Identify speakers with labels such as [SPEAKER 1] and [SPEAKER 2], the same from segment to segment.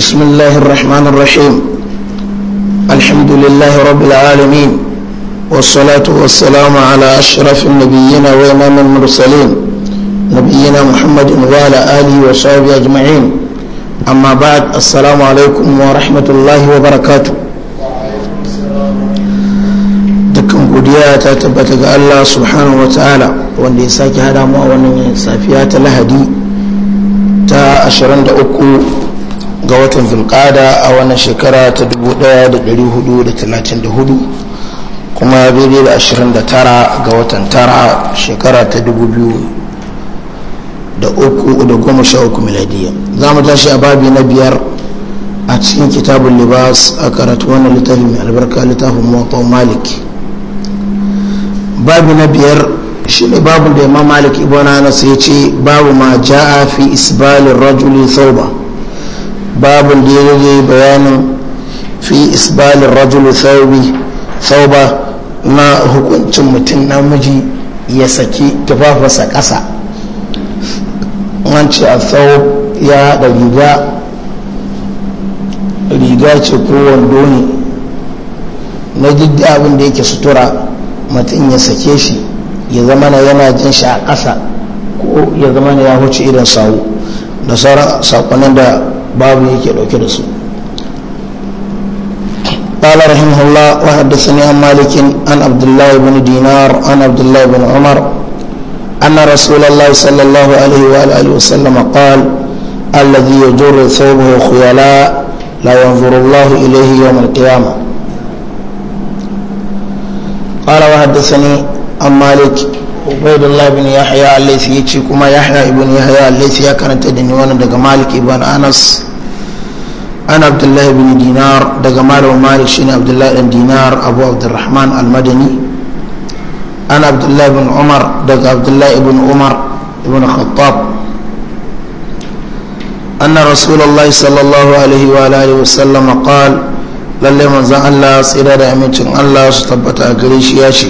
[SPEAKER 1] بسم الله الرحمن الرحيم الحمد لله رب العالمين والصلاة والسلام على أشرف النبيين وإمام المرسلين نبينا محمد وعلى آله وصحبه أجمعين أما بعد السلام عليكم ورحمة الله وبركاته dukkan godiya ta tabbata ga Allah subhanahu wa ta'ala wanda ya sake hada mu a wannan safiya ta lahadi ta 23 ga watan zulkada a wannan shekara ta 1434 kuma daidai da 29 ga watan tara shekara ta 2013 miladiya za mu tashi a babi na biyar a cikin kitabun libas a karatu wannan littafi mai albarka littafin mawata malik babi na biyar shi ne babu da yamma malik ibn na ya ce babu ma ja'a fi isbalin rajulin sauba babin da ya rage bayanin fi isbalin rajulu saubi sauba na hukuncin mutum namiji ya saki tufafarsa ƙasa wance a tsawo ya haɗa riga riga ce ko wando ne na duk abin da yake sutura mutum ya sake shi ya zama na yana jin shi a ƙasa ko ya zama na ya huce irin sawu da sauran sakonni da babu yake dauke da su قال رحمه الله وحدثني عن مالك عن عبد الله بن دينار عن عبد الله بن عمر أن رسول الله صلى الله عليه وآله وسلم قال الذي يجر ثوبه خيلاء لا ينظر الله إليه يوم القيامة قال وحدثني عن مالك ubaidullah bin yahya allaisi ya ce kuma yahya ibn yahya allaisi ya karanta da ni wani daga malik ibn anas an abdullah ibn dinar daga malam malik shine abdullah ibn dinar abu abdurrahman almadani an abdullah ibn umar daga abdullah ibn umar ibn khattab أن رسول الله صلى الله عليه وآله وسلم قال للي من زعل الله سيرا أمين الله ستبت أقريش ياشي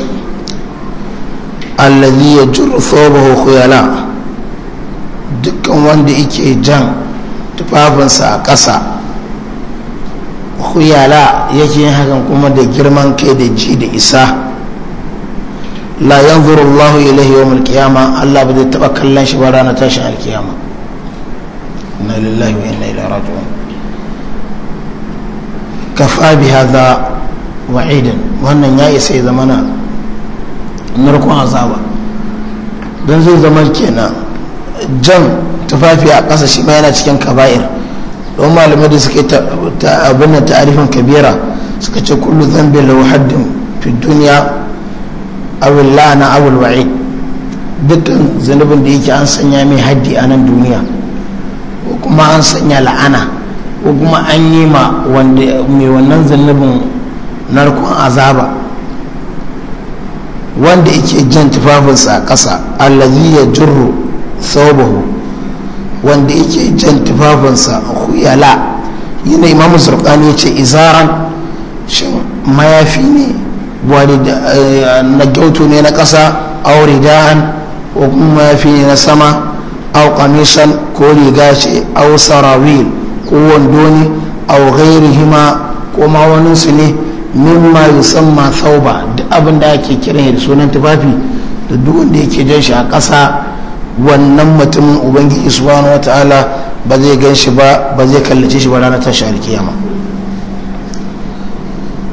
[SPEAKER 1] allazi ya juru khuyala dukkan wanda yake jan tufafinsa a ƙasa khuyala yake yin hakan kuma da girman kai da ji da isa la yanzuru Allahu ilaihi yawm al-qiyama Allah ba zai taba kallon shi ba ranar tashin al-qiyama inna lillahi wa inna ilaihi raji'un kafa bi hadha wa'idan wannan ya isa ya zamana narkon azaba don zai zama kenan jan tufafi a ƙasa shi ma yana cikin kaba'ir don malamai da suke ta abin da ta'arifin kabira suka ce kullu zambin lau haddin fi duniya awil la'ana awil wa'i dukkan zanubin da yake an sanya mai haddi a nan duniya ko kuma an sanya la'ana ko kuma an yi ma mai wannan zanubin narkon azaba wanda yake jan tufafinsa a ƙasa allazi ya jirru thawbahu wanda yake jan tufafinsa huyala yana imamu ya ce izaran shin mayafi ne wani eh, na gyautu ne na ƙasa aw rida'an ko kuma mayafi ne na sama au qamisan ko riga ce aw sarawil ko wando ne aw ghairihima ko ma wani su ne mimma yusamma sauba duk abin da ake kiran da sunan tufafi da duk wanda yake jan shi a ƙasa wannan mutumin ubangiji subhanahu wataala ba zai gan shi ba ba zai kallace shi ba ranar tashi alkiyama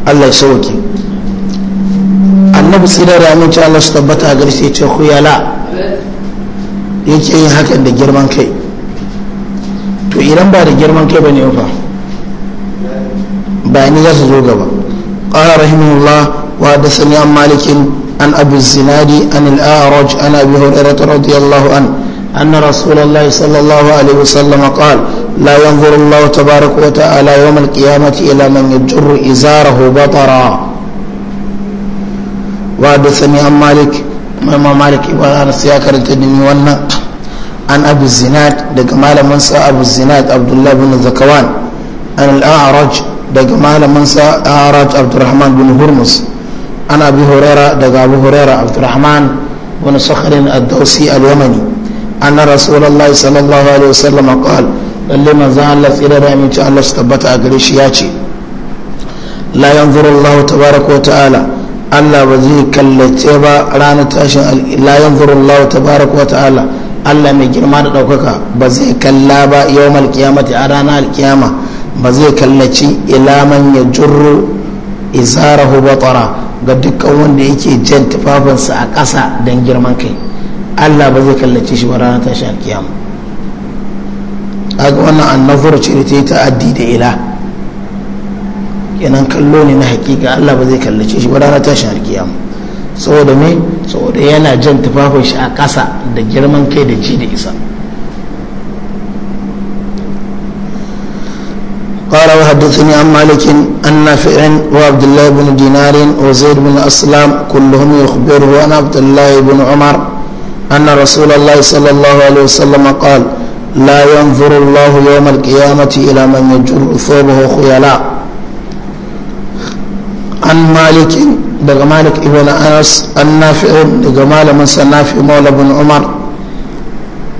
[SPEAKER 1] Allah ya sauke annabi tsira da aminci Allah su tabbata a ta ya ce khuyala yake yin hakan da girman kai to idan ba da girman kai ba ne ba ba ni za su zo gaba قال رحمه الله وحدثني عن مالك عن أبي الزناد عن الأعرج عن أبي هريرة رضي الله عنه أن رسول الله صلى الله عليه وسلم قال لا ينظر الله تبارك وتعالى يوم القيامة إلى من يجر إزاره بطرا وحدثني عن مالك ما مالك ابن أنس يا كرنت عن أبي الزناد لك مال منسى أبو الزناد عبد الله بن زكوان عن الأعرج daga malaminsa haraj abdurrahman bin hurmus an abu huraira daga abu huraira abdurrahman bin sakharin ad-dawsi al-yamani anna rasulullahi sallallahu alaihi wasallam qal lalle manzo Allah tsira da aminci Allah su tabbata a gare shi ya ce la yanzuru Allah tabaraka wa ta'ala Allah ba zai kallace ba ranar tashin la yanzuru Allah tabaraka wa ta'ala Allah mai girma da ɗaukaka ba zai kalla ba yawmal qiyamati a ranar alkiyama ba zai kallaci ilaman ya jurru izarahu batara ga dukkan wanda yake jan tufafinsa a ƙasa don girman kai allah ba zai kallaci shi ba ranar tashi alkiyama aga wannan annafar ce da ta yi ta'addi da ila yanan kallo ne na hakika allah ba zai kallaci shi ba ranar tashi alkiyam saboda me saboda yana jan tufafinsa a ƙasa da girman kai da ji da isa قال وحدثني عن مالك ان نافع وعبد الله بن دينار وزيد بن اسلام كلهم يخبره عن عبد الله بن عمر ان رسول الله صلى الله عليه وسلم قال لا ينظر الله يوم القيامه الى من يجر ثوبه خيلاء عن مالك daga مالك ibn انس an nafi'un daga من nafi maula bin umar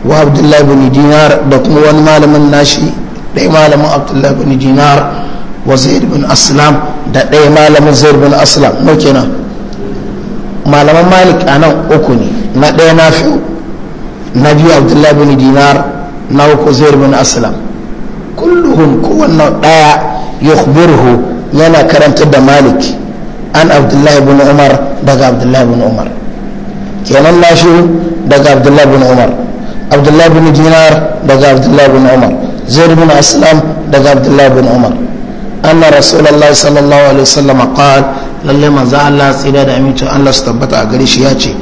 [SPEAKER 1] wa abdullahi bin dinar da kuma wani ɗaya malamin abdullahi bin dinar wa zaid bin aslam da ɗaya malamin zaid bin aslam no kenan malaman malik a nan uku ne na ɗaya na fi na biyu abdullahi bin dinar na uku zaid bin aslam kulluhum kowanne ɗaya yukhbiruhu yana karantar da malik an abdullahi bin umar daga abdullahi bin umar kenan na shi daga abdullahi bin umar abdullahi bin dinar daga abdullahi bin umar زيد بن أسلم دقى عبد الله بن عمر أن رسول الله صلى الله عليه وسلم قال للي ما ذا الله سيدا دعميتو أن لا استبتع ياتي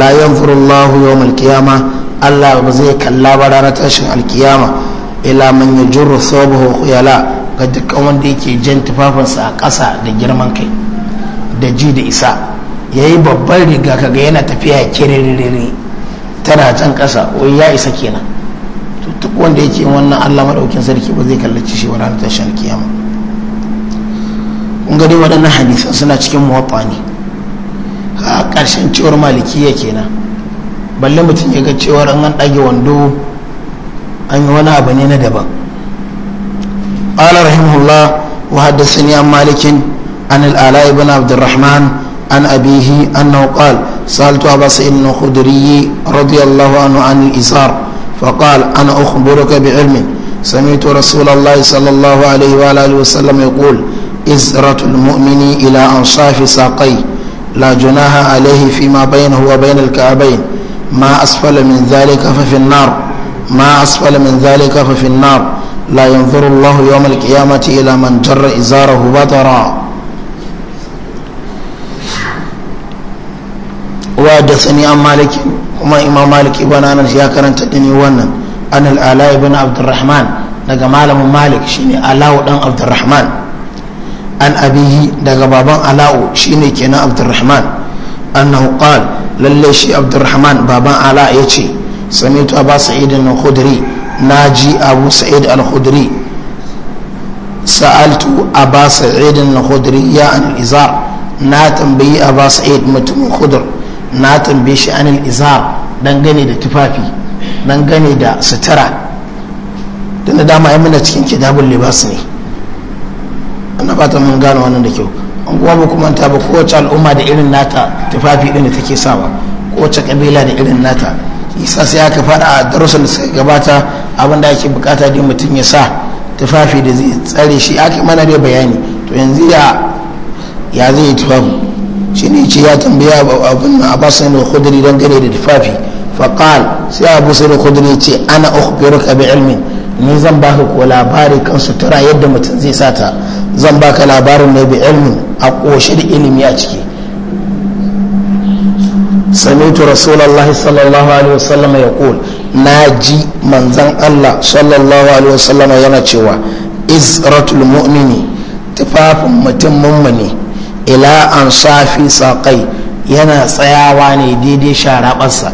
[SPEAKER 1] لا ينفر الله يوم القيامة الله بزي كلا برارة أشهر القيامة إلى من يجر ثوبه خيالا قد كون ديكي جنت فافنسا قصا دي جرمان كي دجي دي إساء ya yi babban riga kaga yana tafiya kiriri tana can ƙasa wai ya isa kenan duk wanda yake wannan allah maɗaukin sarki ba zai kallaci shi wani ta shan kiyama kun gani waɗannan hadisan suna cikin muwaffa ne a ƙarshen cewar malikiya kenan balle mutum ya ga cewar an an ɗage wando an yi wani abu ne na daban ala rahimahullah wa haddasa ni an malikin an al'ala ibn abdurrahman an abihi annahu qala sa'altu abasa ibn khudriyyi radiyallahu anhu an al-isar فقال أنا أخبرك بعلمي سمعت رسول الله صلى الله عليه وآله وسلم يقول إزرة المؤمن إلى أنصاف ساقي لا جناها عليه فيما بينه وبين الكعبين ما أسفل من ذلك ففي النار ما أسفل من ذلك ففي النار لا ينظر الله يوم القيامة إلى من جر إزاره بطرا وحدثني عن مالك kuma imam malik ibn anas ya karanta dani ni wannan an al-ala ibn abdurrahman daga malamin malik shine ɗan dan abdurrahman an abihi daga baban ala'u shine kenan abdurrahman annahu qala lalle shi abdurrahman baban ala yace samitu abu sa'id al-khudri naji abu sa'id al-khudri sa'altu abu sa'id al-khudri ya an izar na tambayi abu sa'id mutum khudr na tambaye shi anil izar dangane da tufafi dangane da sutura da na dama muna cikin kitabun libas ne ana fata mun gane wannan da kyau an kuma ba kuma ta ba kowace al'umma da irin nata tufafi din da take sawa kowace kabila da irin nata isa sai aka faɗa a darussan da suka gabata abin da ake bukata da mutum ya sa tufafi da zai tsare shi aka mana dai bayani to yanzu ya ya zai yi tufafi shi ne ce ya tambaya abin na abbas sai da kudiri don gane da tufafi faƙal sai a sai da kudiri ce ana ukubiyar ka bi ilmin ni zan baka ka kuwa labari kan sutura yadda mutum zai sata zan ba ka labarin na bi ilmin a ƙoshi da ilimi a ciki samitu rasulallah sallallahu alaihi wasallam ya kul na ji manzan allah sallallahu alaihi wasallam yana cewa isratul mu'mini tufafin mutum mummuni ne ila an safi saƙai yana tsayawa ne daidai sharaɓarsa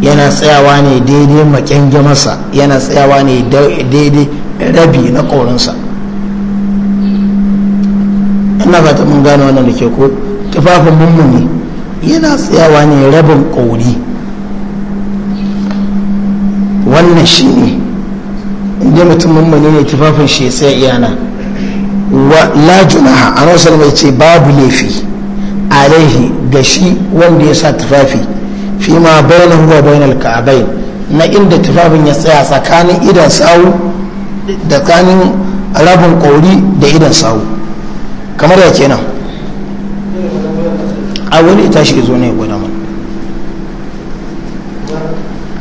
[SPEAKER 1] yana tsayawa ne daidai makyangimarsa yana tsayawa ne daidai rabi na ƙorinsa ina fata mun gano wannan da ke ko tufafin mummuni yana tsayawa ne rabin ƙori wannan shi ne inda mutum mummuni ne tufafin shi sai iyana wa la junaha annabi sallallahu alaihi ce babu laifi alaihi ga shi wanda ya sa tufafi fi ma bainahu ruwa bayan alka'abai na inda tufafin ya tsaya tsakanin idan sawu da tsakanin rabin kauri da idan sawu kamar ya kenan a wani ita shi zo ne ya gwada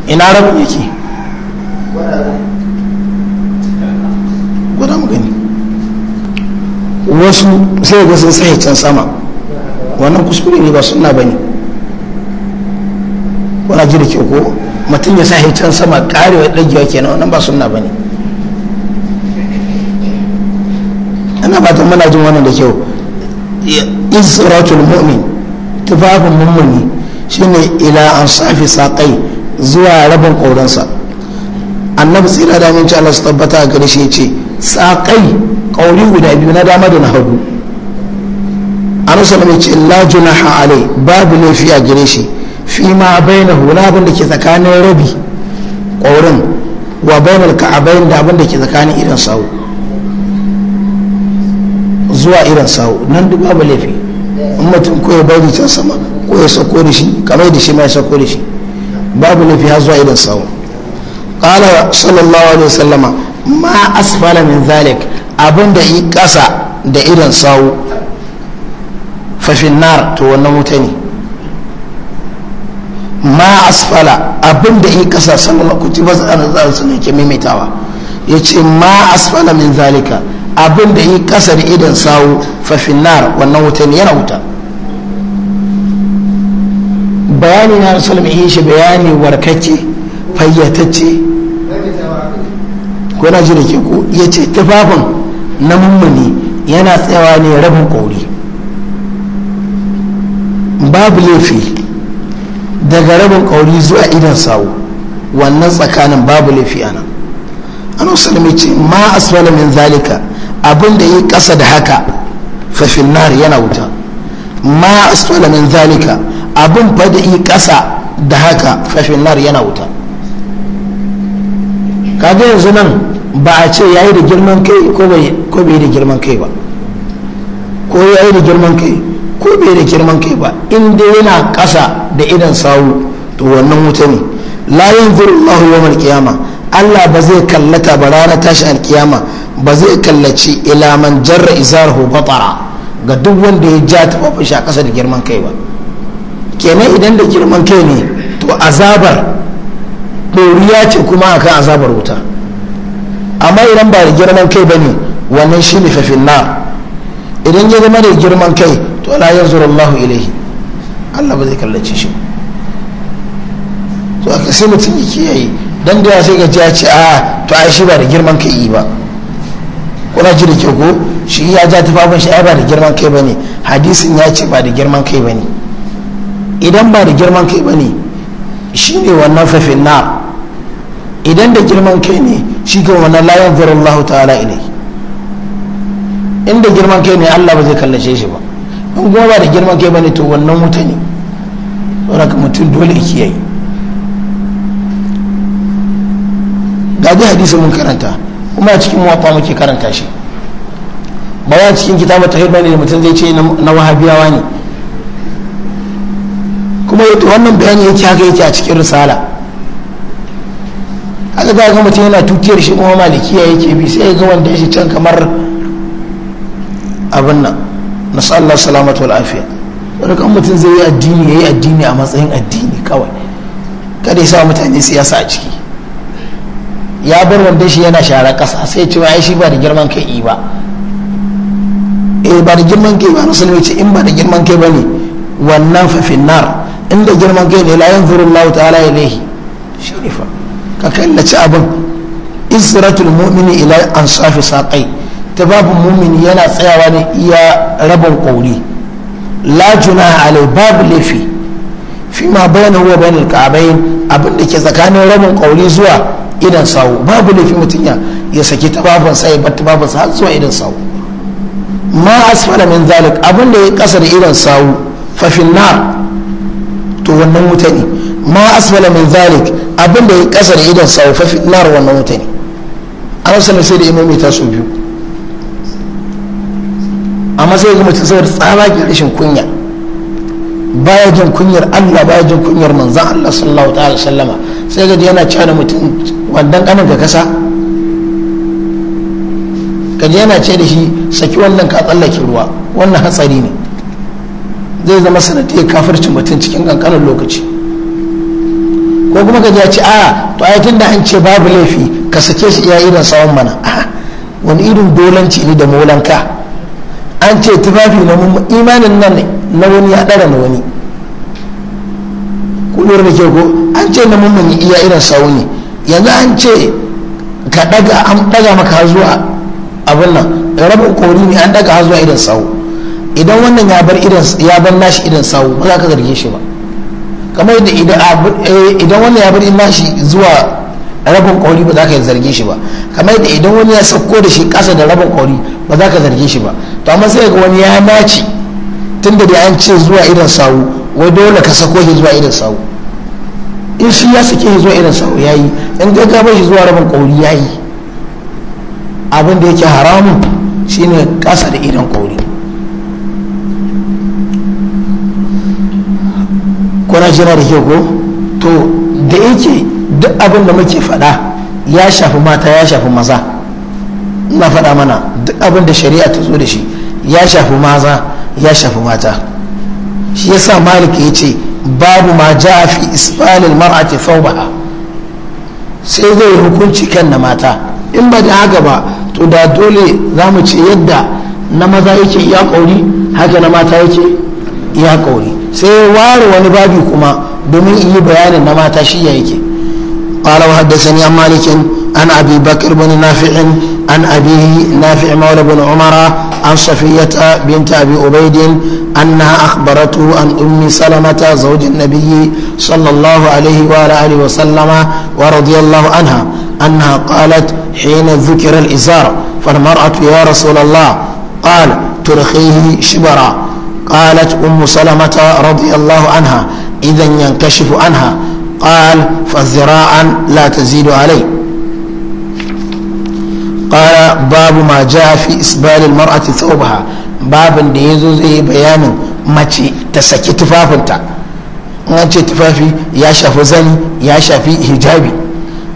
[SPEAKER 1] ina rabin yake wasu sai da sun tsaye can sama wannan kuskure ne ba suna ba ne wani ji da ke ko mutum ya sahi can sama karewa ɗagewa ke nan ba suna ba ne ana ba ta muna jin wannan da kyau isratul mu'min tufafin mummuni shine ila an safi saƙai zuwa rabin ƙoransa annabi tsira da aminci Allah su tabbata a gare shi ya ce saƙai ƙauri guda biyu na dama da na hagu an sallama ce la junaha alai babu laifi a gare shi fi ma bayna hula abin da ke tsakanin rabi ƙaurin wa bainal ka'abain da abin da ke tsakanin irin sa'u. zuwa irin sa'u nan duk babu laifi in mutum ko ya bari can sama ko ya sako da shi kamar da shi ma ya sako da shi babu laifi har zuwa irin sa'u. qala sallallahu alaihi wasallama ma asfala min zalik abinda yi ƙasa da irin sawu nar to wannan wuta ne ma asfala abinda yi ƙasa sannan kuti ba a nazarar su ke maimaitawa ya ce ma asfala min zalika abinda yi ƙasa da irin sawu nar wannan wuta ne yana wuta bayani na rasulun yi shi bayani warkacce fayyatacce ko na ji da ke ko ya ce tufafin na mummuni yana tsayawa ne rabin kauri babu laifi daga rabin kauri zuwa idan sawo wannan tsakanin babu laifi ana an salmi ce ma aswala min zalika abin da yi kasa da haka fafin nar yana wuta ma aswala min zalika abin fa da yi kasa da haka fafin nar yana wuta kaga yanzu nan ba a ce yayi da girman kai ko bai da girman kai ba ko yayi da girman kai ko bai da girman kai ba in dai yana ƙasa da idan sawu to wannan wuta ne la yanzuru Allahu yawmal qiyama Allah ba zai kallata ba ranar tashi alkiyama ba zai kallaci ila man jarra izarhu batara ga duk wanda ya ja taba shi a ƙasa da girman kai ba kenan idan da girman kai ne to azabar ɗoriya ce kuma akan azabar wuta amma idan ba da girman kai ba ne wannan shi ne fafin na idan ya zama da girman kai to la ya zura Allah ilaihi Allah ba zai kallace shi to aka sai mutum ya kiyaye dan da sai ga ya ce a to ai shi ba da girman kai yi ba kuna ji da ke ko shi ya ja fafin shi ai ba da girman kai ba ne hadisin ya ce ba da girman kai ba ne idan ba da girman kai ba shi shine wannan fafin na idan da girman kai ne shi ga wannan la yanzuru Allah ta'ala ne inda girman kai ne Allah ba zai kallace shi ba in kuma ba da girman kai ne to wannan wuta ne ka mutum dole ki kiyaye ga dai hadisi mun karanta kuma cikin mawafa muke karanta shi ba ya cikin kitabu tahir bane da mutum zai ce na wahabiyawa ne kuma yato wannan bayani yake haka yake a cikin risala ka za a ga mutum yana tutiyar shi kuma malikiya yake bi sai ga wanda yake can kamar abin nan na Allah salamatu al'afiya wani kan mutum zai yi addini ya yi addini a matsayin addini kawai kada ya sa mutane siyasa a ciki ya bar wanda shi yana shara kasa sai cewa ya shi ba da girman kai yi ba eh ba da girman kai ba musulmi ce in ba da girman kai ba ne wannan fafinnar inda girman kai ne la yanzuru Allah ta'ala ilaihi shi ne fa ka kallaci abin isratul mu'mini ila ansafi saqai ta babu mu'mini yana tsayawa ne iya rabin kauri la junaha alai babu lafi fi ma bayana huwa bayan alka'bayn abin da ke tsakanin rabin kauri zuwa idan sawu babu lafi mutum ya ya saki ta babun sai bar ta babun har zuwa idan sawu ma asfala min zalik abin da ya kasa da idan sawu fa finnar to wannan mutane ma asfala min zalik abin da ya kasa da idan saufafi nar wannan wuta ne an sanar sai da imomi ta su biyu amma sai ga mutum saboda ke rashin kunya baya jin kunyar Allah baya jin kunyar manzan Allah sallallahu ta'ala sallama sai ga yana da mutum wannan kanin ga kasa kaji yana ce da shi saki wannan ka tsallake ruwa wannan hatsari ne zai zama sanadiyar kafircin mutum cikin kankanin lokaci ko kuma ka ji a a to ai tunda an ce babu laifi ka sake shi iya irin tsawon mana a wani irin dolanci ne da molanka an ce tufafi na imanin nan na wani ya ɗara na wani kudur da ke ko an ce na mummuni iya irin tsawon ne yanzu an ce ka ɗaga an ɗaga maka zuwa abin nan rabu kori ne an ɗaga zuwa irin tsawo idan wannan ya bar nashi irin tsawo ba za ka zarge shi ba kamar da eh, idan wani ya bar imashi zuwa rabin kori ba za ka zarge shi ba kamar da idan wani ya sauko da shi kasa da rabin kori ba za ka zarge shi ba to amma sai ga wani ya naci tun da an ce zuwa irin sawu wai dole ka sako shi zuwa irin sawu in shi ya sake shi zuwa irin sawu ya yi in gaggawa shi zuwa rabin kori yayi abin da yake haramun shine kasa da irin kori kuna jira da ke ko to da yake duk abin da muke faɗa ya shafi mata ya shafi maza ina faɗa mana duk abin da shari'a ta zo da shi ya shafi maza ya shafi mata shi yasa malik ya ce babu ma ja fi isbalil mar'ati thawbaha sai zai hukunci kan na mata in ba da haka ba to da dole za mu ce yadda na maza yake iya kauri haka na mata yake iya kauri sai ware wani babi kuma domin yi bayanin na mata shi ya yake قال وحدثني عن مالك عن ابي بكر بن نافع عن ابيه نافع مولى بن عمر عن صفيه بنت ابي عبيد انها اخبرته عن ام سلمه زوج النبي صلى الله عليه واله وسلم ورضي الله عنها انها قالت حين ذكر الازار فالمراه يا رسول الله قال ترخيه شبرا قالت أم سلمة رضي الله عنها إذا ينكشف عنها قال فذراعا لا تزيد عليه قال باب ما جاء في إسبال المرأة ثوبها باب ديزو زي بيان ماشي تسكي تفافنتا ce tufafi ya shafi zani ya shafi hijabi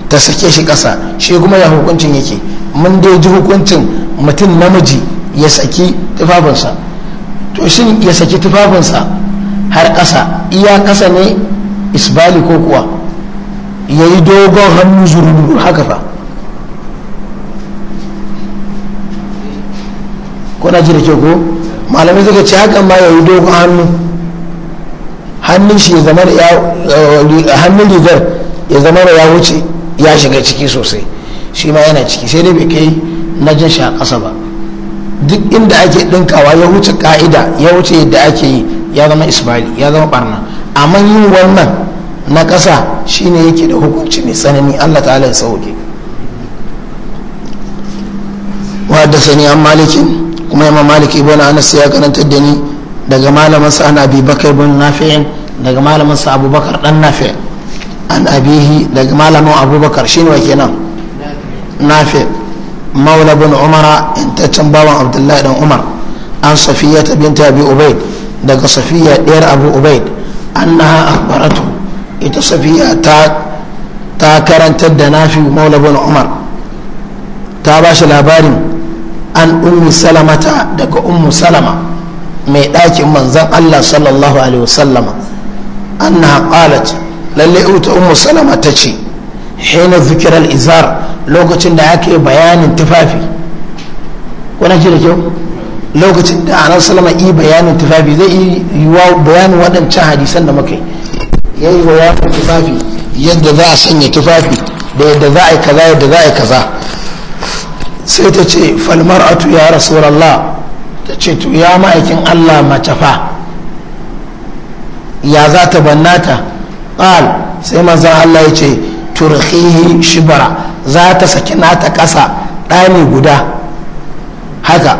[SPEAKER 1] ta sake shi ƙasa shi kuma ya hukuncin yake mun dai ji hukuncin mutum namiji ya saki tufafinsa to shi ya saki tufafinsa har ƙasa iya ƙasa ne isbali ko kuwa ya yi dogon hannu zururu haka fa kuna ji da ke ko malamai suka ce haka ma ya yi dogon hannu hannun shi ya zama da eh, rigar ya zama da ya wuce ya shiga ciki sosai shi ma yana ciki sai dai bai kai na jan shi a ƙasa ba duk inda ake ɗinkawa ya wuce ka'ida ya wuce yadda ake yi ya zama isma'il ya zama barna amma yin wannan na ƙasa shine yake da hukunci mai tsanani Allah ta ya sauke wa da sani an maliki kuma yamma maliki ibn anas ya karantar da ni daga malamin sa ana bi bakar bin nafi'in daga malamin sa abubakar dan nafi' an abihi daga malamin abubakar shine wa kenan nafi'in maula bin umara intaccen bawan abdullahi dan umar an safiyata binta abi ubaid daga safiya ɗayar abu ubaid annaha akhbaratu ita safiya ta ta karantar da nafi maula bin umar ta ba shi labarin an ummi salamata daga ummu salama mai ɗakin manzan allah sallallahu alaihi wasallama annaha qalat lalle ita ummu salama ta ce hina zikirar izar lokacin da ake bayanin tufafi kuna ji da kyau lokacin da anan salama yi bayanin tufafi zai yi yiwa bayanin waɗancan hadisan da muka yi ya yi bayanin tufafi yadda za a sanya tufafi da yadda za a yi kaza yadda za a yi kaza sai ta ce falmar'atu ya rasulallah ta ce to ya ma'aikin allah mace fa ya za ta bannata ƙal sai manzan allah ya ce turhihi shibara za ta saki nata ƙasa ɗani guda haka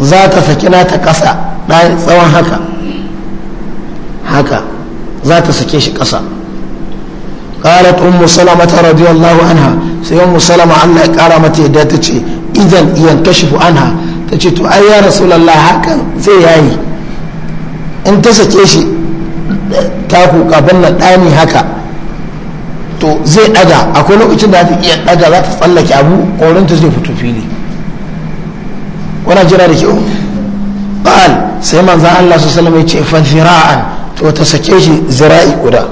[SPEAKER 1] za ta saki nata ƙasa tsawon haka haka za ta sake shi ƙasa قالت أم سلمة رضي الله عنها سي أم سلمة الله كرمت يدها تشي إذا ينكشف عنها تشي تو أي يا رسول الله هكا زي هاي أنت سكيشي تاكو قبلنا تاني هكا to zai daga akwai lokacin da ta iya daga za ta tsallake abu korinta zai fito fili wana jira da kyau ba'al sai manza Allah su salama ya ce fanfira'an to ta sake shi zira'i guda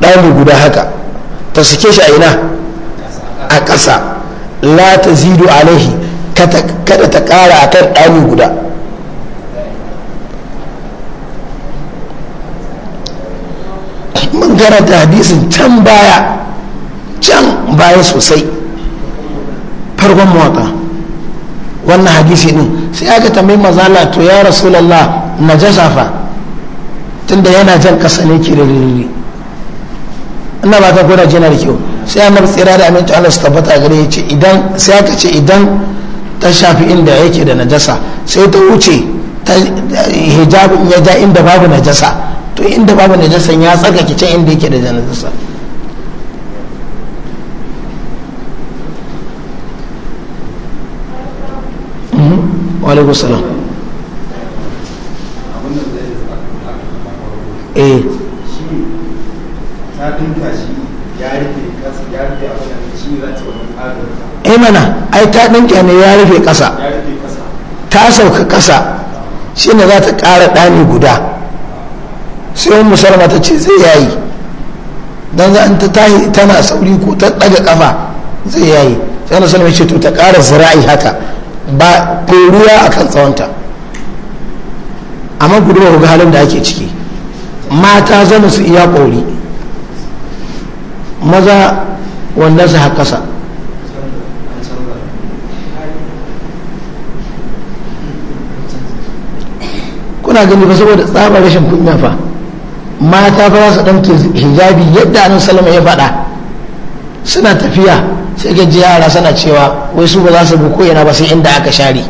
[SPEAKER 1] ɗani guda haka ta sake shi a ina a ƙasa la ta zidu alaihi kada ta ƙara a kan ɗani guda mun ta hadisin can baya can baya sosai farkon mawata wannan hadisi ɗin sai aka tambayi mazala to ya rasulallah na tun tunda yana jan kasa ne kiririri ina ba ta kuna jinar kyau sai annabi tsira da aminci Allah su tabbata gare ya ce idan sai aka ce idan ta shafi inda yake da najasa sai ta wuce eh, hijabin ya ja inda babu najasa to inda babu najasa ya tsarkake can inda yake da najasa mhm. walaikun salam eh. eh mana ai ta ne ya rufe ƙasa ta sauka ƙasa shi ne za ta ƙara ɗani guda sai ummu ta ce zai yayi don za ta tahi tana sauri ko ta daga kafa zai yayi sai annabi salama ce to ta kara zira'i haka ba a kan tsawonta amma gudunar ga halin da ake ciki mata zama su iya ƙori maza wanda su haƙasa kuna gani ba saboda tsabar rashin kunya fa mata ba za su ɗauke hijabi yadda annabi salama ya faɗa suna tafiya sai ga ji yara suna cewa wai su ba za su bi koyana ba sai inda aka share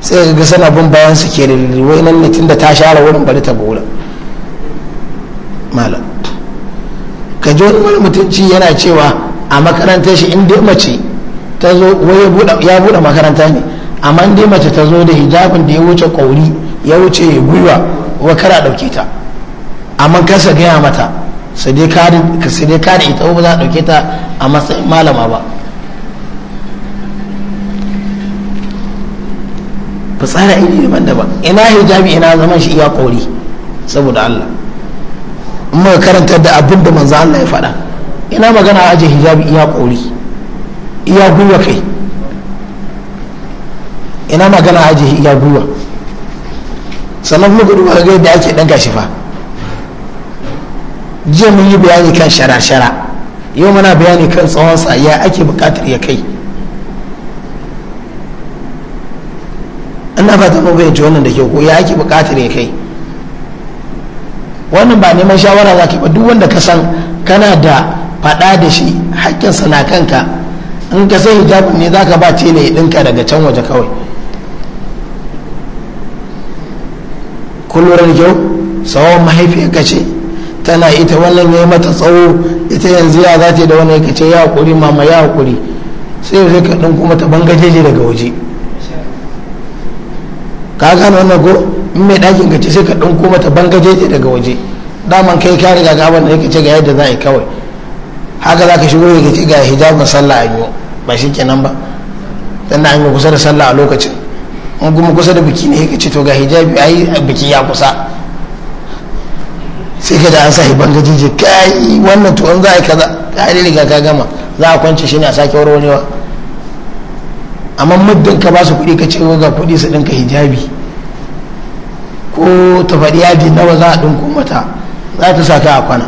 [SPEAKER 1] sai ga sana bin bayan su ke wai nan ne da ta share wurin bari ta gora malam ka ji wani mutunci yana cewa a makarantar shi inda mace ta zo wai ya buɗe makaranta ne amma inda mace ta zo da hijabin da ya wuce kauri ya wuce gwiwa wa kara ɗauke ta amma kasa gaya mata sai dai ka da ita ba za a ɗauke ta a matsayin malama ba fitsara iri daban daban ina hijabi ina zaman shi iya kori saboda Allah amma karanta da abin da manzo Allah ya faɗa ina magana aje hijabi iya kori iya gwiwa kai ina magana aje iya gwiwa sannan kuma gudu ga yadda ake ɗan gashi fa jiya mun yi bayani kan shara-shara yau muna bayani kan tsawon ya ake bukatar ya kai ina fata mu wannan da ke ko ya ake bukatar ya kai wannan ba neman shawara za ka ba duk wanda ka san kana da fada da shi hakkin na kanka in ka sai hijabin ne za ka ba tele ya ɗinka daga can waje kawai kullum da tsawon mahaifiyar mahaifiyarka ce tana ita wannan ya yi mata tsawo ita yanzu ya za ta da wani ya ce ya hakuri mama ya hakuri sai zai ka ɗin kuma ta bangajeje daga waje ka gane wannan ko in mai ɗakin ka ce sai ka ɗin kuma ta bangajeje daga waje daman kai ka riga ga abin da yake ce ga yadda za a yi kawai haka za ka shigo ya ce ga hijabin sallah an yi ba shi kenan ba dan an yi kusa da sallah a lokacin in kuma kusa da biki ne ya ce to ga hijabi yi biki ya kusa sai ka da an sa hiban gajije kai wannan tuwon za a yi kaza ka yi riga ka gama za a kwance shi ne a sake wa amma muddin ka ba su kuɗi ka ce ga kuɗi su ɗinka hijabi ko ta faɗi yaji nawa za a ɗinko mata za ta sa ta a kwana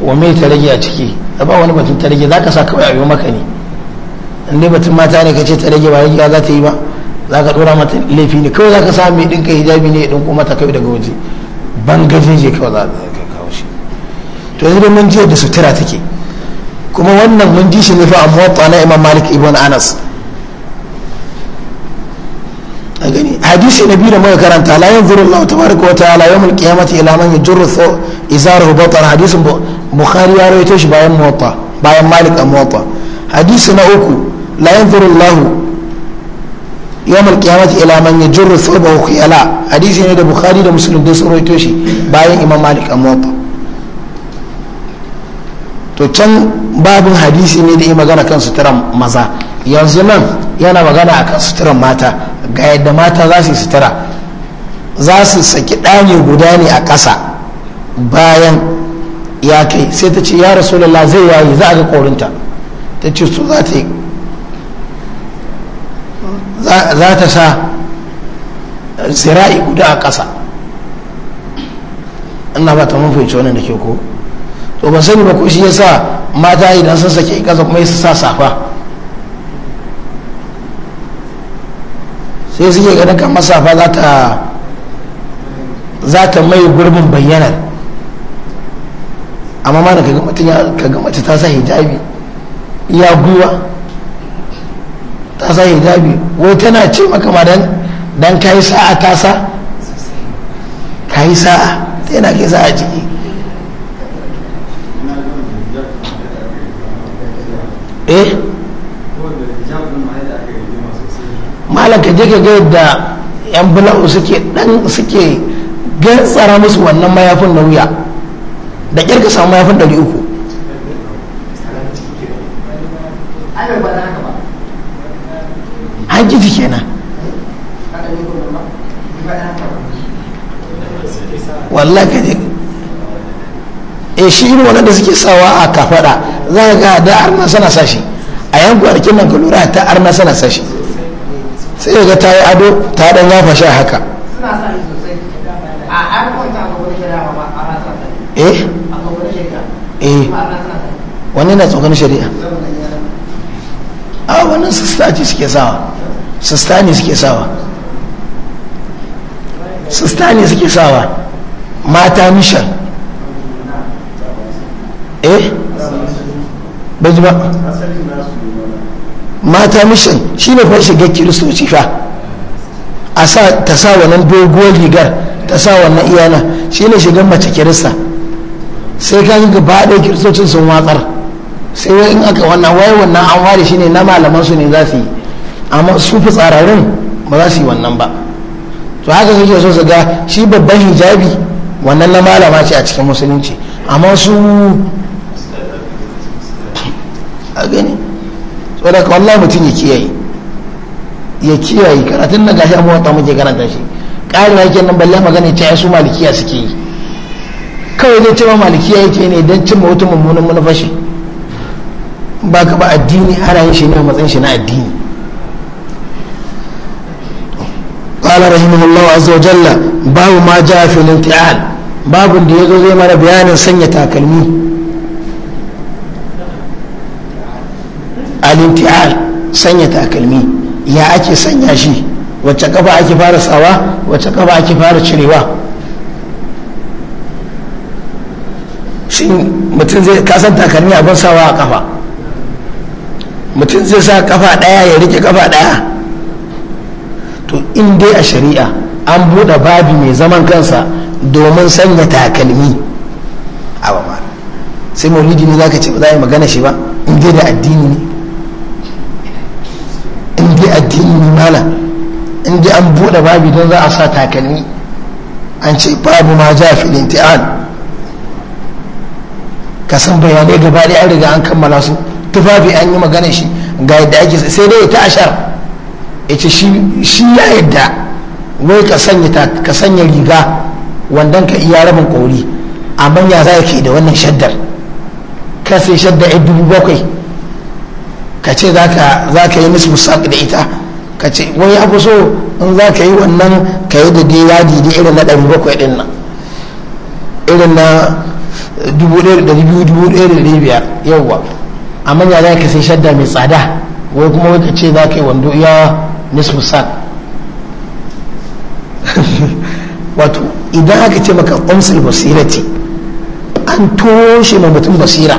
[SPEAKER 1] wa mai ta rage a ciki da ba wani batun ta rage za ka sa kawai a yi maka ne inda batun mata ne ka ce ta rage ba rage za ta yi ba za ka dora mata laifi ne kawai za ka sa mai dinka hijabi ne ya ɗinko mata kawai daga waje ban je kawai za ka kawo shi to yanzu mun je da sutura take kuma wannan mun ji shi ne fa amma wata na imam malik ibn anas a gani hadisi na biyu da muka karanta la yanzu yanzuru Allah tabaraka wa ta'ala yawmul qiyamati ila man yajurru izarahu batar hadisin bukhari ya rawaito shi bayan muwatta bayan malik a muwatta hadisi na uku la yanzuru Allah yawm al-qiyamati ila man yajurru thawbahu khiyala hadisi ne da bukhari da musulun da suraito shi bayan imam malik amwata to can babin hadisi ne da ya magana kan suturan maza yanzu nan yana magana akan suturan mata ga yadda mata za su yi sutura za su saki ɗani guda ne a ƙasa bayan ya kai sai ta ce ya rasulullah zai waye za a ga korinta ta ce su za ta yi za ta sa zira'i guda a ƙasa ina ba ta mun fahimci wannan da ke ko to ban sani ba ko shi ya sa mata idan sun sake ƙasa kuma su sa safa sai suke ganin kan safa za ta za ta mai gurbin bayyanar amma ma da kaga ta sa hijabi ya gwiwa ta sa hijabi wai tana ce maka ma dan dan kai sa'a ta sa kai sa'a ta yana kai sa'a ciki eh malam ka je ka ga yadda yan bula'u suke dan suke gantsara musu wannan mayafin na wuya da kirka samu mayafin 300 ke nan wallah ka je e shi irin wannan da suke sawa a kafada za ka ga da arna sana sashi a yanku kwanakin nan ka lura ta arna sana sashi sai ga ta yi ado ta dan yafa shi haka eh eh wani na tsokanin shari'a a wannan sista ce suke sawa sasta ne suke sawa sasta suke sawa mata mishan eh bai ba mata mishan shi ne fa shiga kiristoci fa a sa ta sa wannan dogon rigar ta sa wannan iyana shi ne shiga mace kirista sai ka gaba ɗaya kiristocin sun watsar sai in aka wannan wai wannan an ware shi ne na malaman su ne za su yi amma su fi tsararin ba za su yi wannan ba to haka suke so su ga shi babban hijabi wannan na malama ce a cikin musulunci amma su a gani so da wallah mutum ya kiyaye ya kiyaye karatun na gashi abubuwan tamu ke karanta shi ƙarin yake nan balle magana ta su malikiya suke yi kawai zai cewa malikiya yake ne don cimma wata mummunan manufashi ba ka ba addini ana yin shi ne a matsayin shi na addini قال رحمه الله عز وجل باب ما جاء في الانتعال باب da yazo zai mara bayanin sanya takalmi al sanya takalmi ya ake sanya shi wacce kafa ake fara tsawa wacce kafa ake fara cirewa mutum zai a kafa zai sa kafa ɗaya ya rike kafa ɗaya. to in dai a shari'a an buɗe babi mai zaman kansa domin sanya takalmi a ba sai maulidi ne za ka ce ba za a yi magana shi ba in dai da addini ne in dai addini ne mala in dai an buɗe babi don za a sa takalmi an ce babu ma ja fi inti'an ka san bayanai gaba ɗaya an riga an kammala su tufafi an yi magana shi ga yadda ake sai dai ta ashar ya ce shi ya yadda wai ka sanya riga wandon ka iya rabin kori amma ya za ke da wannan shaddar ka sai shaddar ya dubu bakwai ka ce za ka yi musu musaƙi da ita ka ce wai abu so in za ka yi wannan ka yi da dai yadi da irin na ɗari bakwai ɗin nan irin na dubu ɗaya da biyu dubu ɗaya da ɗari biyar yawwa amma ya za ka sai shaddar mai tsada wai kuma wai ka ce za ka yi wando iya nisfu sa wato idan aka ce maka ƙwamsul basirati an toshe ma mutum basira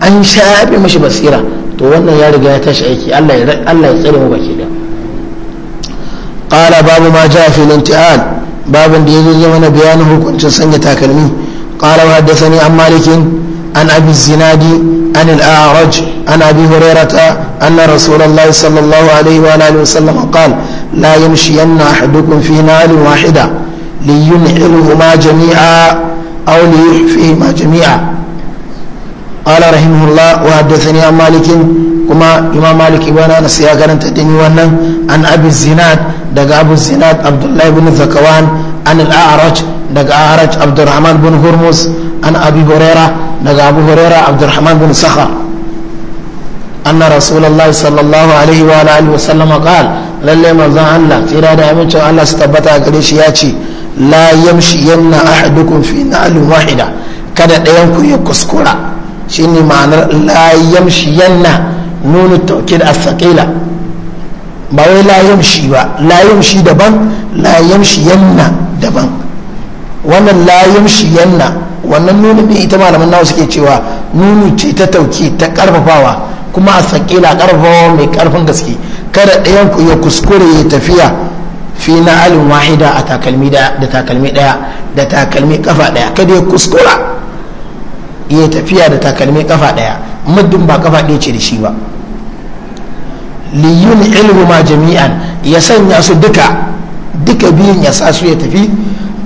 [SPEAKER 1] an shafe mashi basira to wannan ya riga ya tashi aiki Allah ya tsare mu baki da qala babu ma ja fi intihan babin da zama mana bayanin hukuncin sanya takalmi qala wa haddathani an malikin عن أبي الزناد عن الأعرج عن أبي هريرة أن رسول الله صلى الله عليه وآله وسلم قال لا يمشين أحدكم في نار واحدة لينعلهما جميعا أو ليحفيهما جميعا قال رحمه الله وحدثني عن مالك كما إمام مالك ابن أنس يا كرنت دني عن أبي الزناد دق أبو الزناد عبد الله بن ذكوان عن الأعرج دق أعرج عبد الرحمن بن هرمز an abi huraira daga abu huraira abdurrahman bin sakhar anna rasulullahi sallallahu alaihi wa alihi wasallam qal lalle manzon Allah tsira da amincin Allah su tabbata gare shi ya ce la yamshi yanna ahadukum fi na'alin wahida kada ɗayan ku ya kuskura shine ma'anar la yamshi yanna nunu tawkid as-saqila ba wai la yamshi ba la yamshi daban la yamshi yanna daban wannan la wannan nuni ɗin ita malaman nawa suke cewa nuni ce ta tauki ta karfafawa kuma a sakila karfafawa mai karfin gaske kada ɗayan ku ya kuskure ya tafiya fi na alin wahida a takalmi da takalmi daya da takalmi kafa daya kada ya kuskura ya tafiya da takalmi kafa daya muddin ba kafa ɗaya ce da shi ba liyun ilmu ma jami'an ya sanya su duka duka biyun ya sa su ya tafi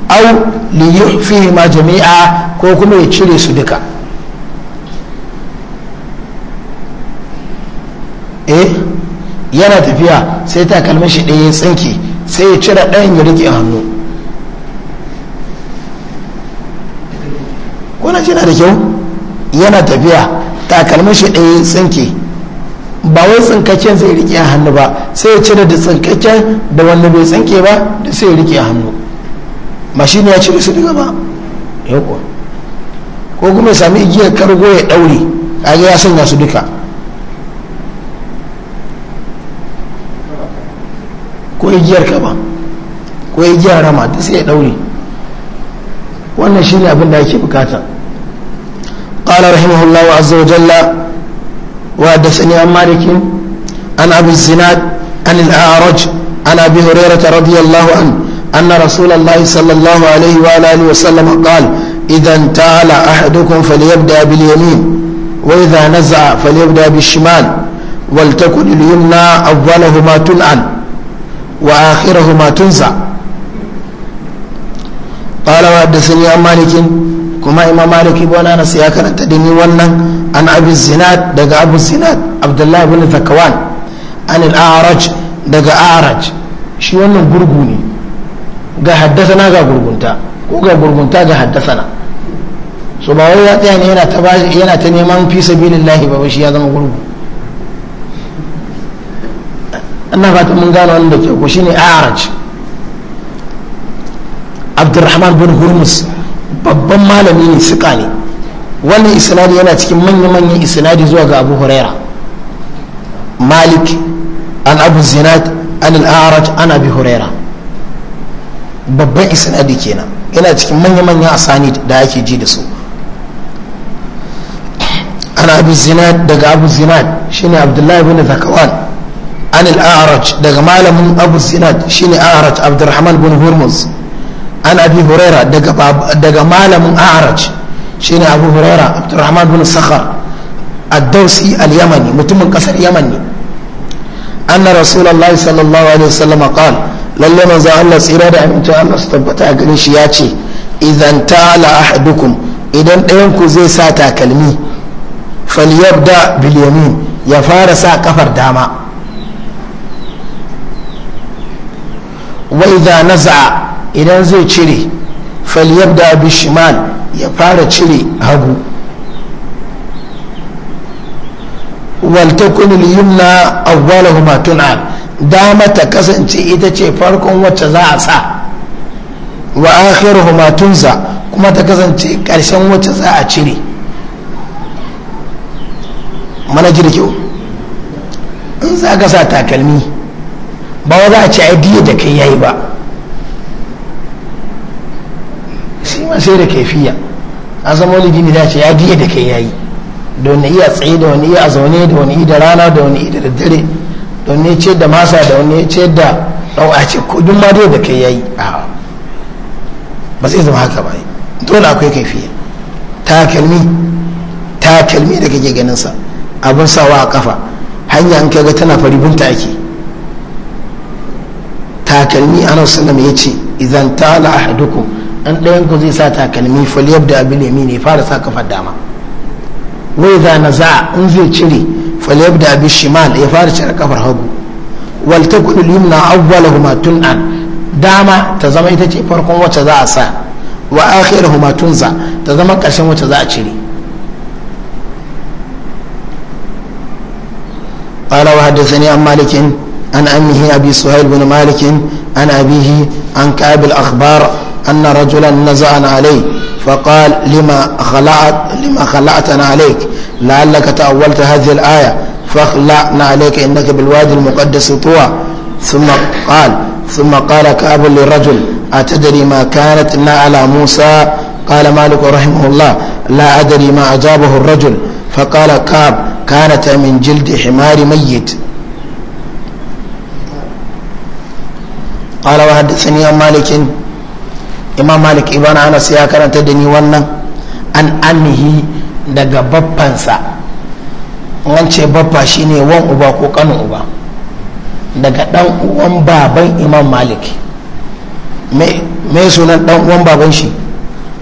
[SPEAKER 1] au li fi ma jami'a ko kuma ya cire su duka eh yana tafiya sai kalmar shi ɗaya tsinki sai ya cire ɗayan ya rike hannu kuna na da kyau yana tafiya kalmar shi ɗaya tsinki ba wai tsinkakken zai rike hannu ba sai ya cire da tsinkakken da wanda bai tsinke ba sai ya rike hannu ba shi ya cire su duka ba yawwa ko kuma ya sami igiyar kargo ya daure kage ya sanya su duka ko igiyar kaba ko igiyar rama duk sai ya daure wannan shine abin da ake bukata qala rahimahullahu azza wa jalla wa hadathani an malik an abi zinad an al-a'raj an abi hurairah radiyallahu أن رسول الله صلى الله عليه وآله وسلم قال إذا انتعل أحدكم فليبدأ باليمين وإذا نزع فليبدأ بالشمال ولتكن اليمنى أولهما تنعل وآخرهما تنزع قال وحدثني عن مالك كما إمام مالك بن أنس يا كرنت دني ونن عن أبي الزناد دقى أبو الزناد عبد الله بن ذكوان عن الأعرج دقى أعرج شي ونن غرغوني ga haddasana ga gurgunta ko ga gurgunta ga haddasana so ba wai ya tsaya ne yana ta neman fi sabilillahi ba shi ya zama gurgu ana fatan mun gano wanda ke ko shine araj abdurrahman bin hurmus babban malami ne suka ne wannan isnadi yana cikin manya-manyan isnadi zuwa ga abu huraira malik an abu zinat an al'araj an abu huraira babban isnadi kenan yana cikin manya-manyan asani da ake ji da su ana abu zinad daga abu zinad shine abdullahi bin zakawan an daga malamin abu zinad shine abdurrahman bin an abi huraira daga malamin shine abu huraira abdurrahman bin sakhar al-yamani mutumin kasar yaman ne anna rasulullahi sallallahu alaihi wasallam qala lalle manzo Allah tsira da amincin Allah su tabbata a shi ya ce idan ta'ala ahadukum idan ɗayan ku zai sa takalmi falyabda da yamin ya fara sa kafar dama wa idan naza'a idan zai cire falyabda da shimal ya fara cire hagu waltakun al-yumna awwalahuma tun'al dama ta kasance ita ce farkon wacce za a sa wa akhiruhu ma kuma ta kasance karshen wacce za a cire mana jirgi in za ka sa takalmi ba za a ci ai da kai yayi ba shi ma sai da kaifiya a zama wani gini da ce ya biye da kai yayi da wani iya tsaye da wani iya zaune da wani da rana da wani da daddare da wani ya ce da masa da wani ya ce da ce ko duk ma dai da kai yayi a ba sai zama haka ba dole akwai kalmi ta takalmi da kake ganin sa abin sawa a kafa hanya an kaga tana fari faribinta ake takalmi ana sunan ya ce idan a haduku an ɗayan ku zai sa takalmi faliyar da abin ne fara sa kafar dama wai za na za in zai cire falyabda bi shimal ya fara cire kafar hagu wal takul yumna awwalahuma tun'an dama ta zama ita ce farkon wacce za a sa wa akhiruhuma tunza ta zama karshen wacce za a cire قال وحدثني عن مالك عن أمه أبي سهيل بن مالك عن أبيه عن كعب الأخبار أن رجلا نزعنا عليه فقال لما خلعت لما خلعتنا عليك لعلك تأولت هذه الآية فاخلعنا عليك إنك بالوادي المقدس طوى ثم قال ثم قال كعب للرجل أتدري ما كانت على موسى قال مالك رحمه الله لا أدري ما أجابه الرجل فقال كعب كانت من جلد حمار ميت قال وحدثني يا مالك إمام مالك إبان أنس يا تدني ون أن أنهي daga baffansa wance baffa shine wan uba ko kanin uba daga dan uwan baban imam malik me sunan dan uwan baban shi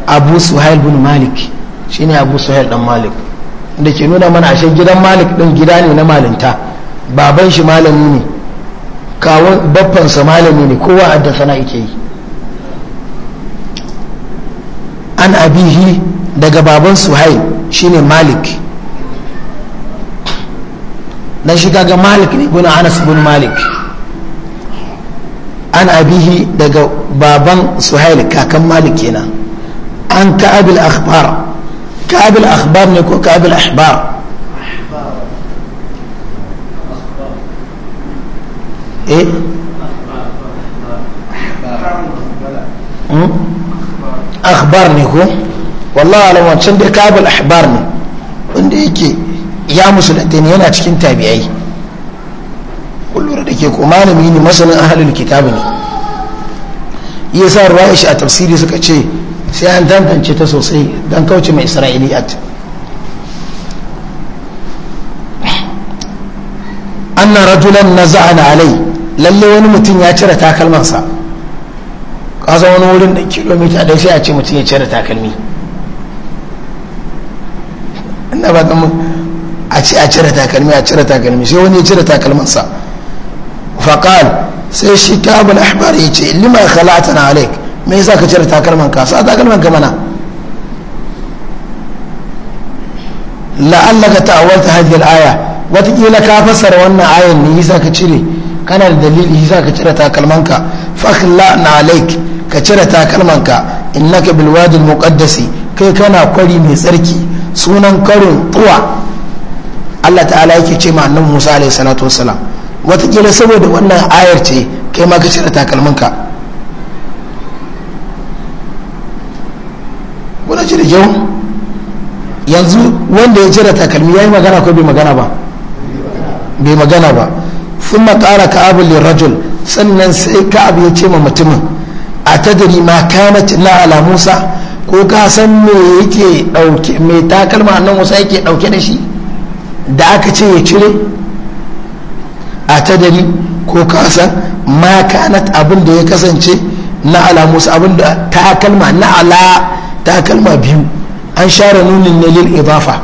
[SPEAKER 1] abu suhail bin malik shine abu suhail dan malik da ke nuna mana ashe gidan malik din gida ne na malinta baban shi malami ne kawon baffansa malami ne kowa addasa na ike yi an abihi daga baban suhail shine malik dan shiga kaga malik ne guna anas bin malik an abihi daga baban suhail kakan malik kenan an ka'abil akhbar ka'abil akhbar ne ko ka'abil ahbar eh akhbar ne ko wallahi alam wancan dai kabul ahbar ne wanda yake ya musulunta ne yana cikin tabi'ai kullum da ke ko malami ne masanin ahalul kitabu ne iya sa shi a tafsiri suka ce sai an dandance ta sosai don kauce mai isra'iliyat anna rajulan na za'an alai lalle wani mutum ya cire takalmansa kasan wani wurin da kilomita ɗaya sai a ce mutum ya cire takalmi ina ba ta a ce a cire takalmi a cire takalmi sai wani ya cire takalminsa faƙal sai shi ta abu kabul ahbar ya ce lima na alaik me yasa ka cire takalman ka sa takalman ka mana la'allaka ta'awwalta hadhihi al-aya watakila ka fassara wannan ayan ne yasa ka cire kana da dalili yasa ka cire takalman ka na alaik ka cire takalman ka innaka bil wadi al-muqaddasi kai kana kwari mai tsarki sunan karin kuwa Allah ta'ala yake ce ma annabi Musa alaihi salatu wassalam watakila saboda wannan ayar ce kai ma ka cire takalminka kuna ci da kyau yanzu wanda ya cire takalmi ya yi magana ko bai magana ba bai magana ba sun makara ka abu rajul sannan sai ka abu ya ce ma mutumin a tadari ma kanat na ala musa ko ka san me yake dauke me takalma annan musa yake dauke da shi da aka ce ya cire a ta dari ko ka san ma kanat abin da ya kasance na ala musa abin da takalma na ala takalma biyu an share nunin na lil idafa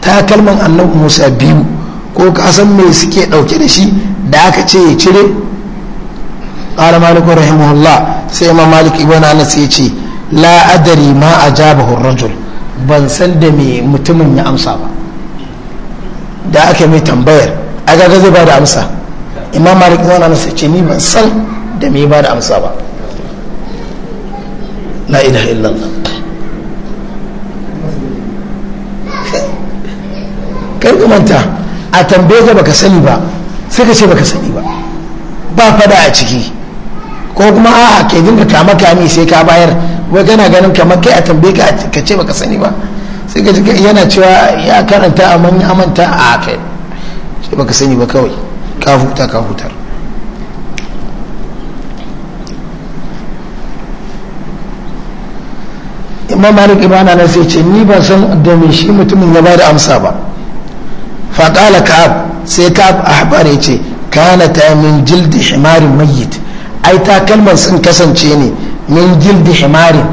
[SPEAKER 1] takalman annan musa biyu ko ka san me suke dauke da shi da aka ce ya cire قال مالك رحمه الله سيما مالك ابن انس يجي la adari ma a jabahu rajul ban san da me mutumin ya amsa ba da aka mai tambayar a gaga zai ba da amsa imam malik zauna masa ce ni ban san da me ba da amsa ba la ilaha illallah kai ka manta a tambaye ka baka sani ba sai ka ce baka sani ba ba fada a ciki ko kuma a'a ke dinga kama kami sai ka bayar wai kana ganin kamar kai a tambaye ka ka ce baka sani ba sai ka ji yana cewa ya karanta a ya amanta a kai ba baka sani ba kawai ka huta ka hutar imam malik ibana na sai ce ni ba san da me shi mutumin ya da amsa ba fa qala ka'ab sai ka'ab ahbar ya ce kana ta min jildi himarin mayyit ai ta kalmar sun kasance ne min jildi himarin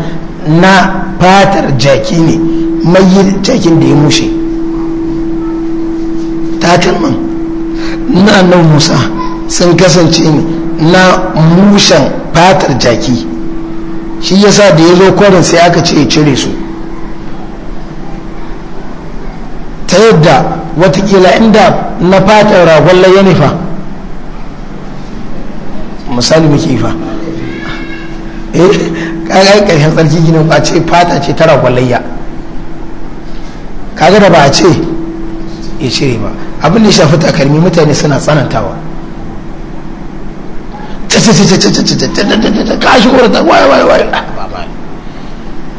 [SPEAKER 1] na fatar jaki ne mai yi jakin da ya mushe takalman na nan musa sun kasance ne na mushen fatar jaki shi yasa da ya zo kwarin sai aka ce cire su ta yadda watakila inda na fatar ragon layanifa misali muke fa Eh, kaga karshen tsarki ginin ba ce fata ce tara kwallayya kaga da ba ce ya cire ba abin da ya shafi takalmi mutane suna tsanantawa ka shi kura ta waye waye waye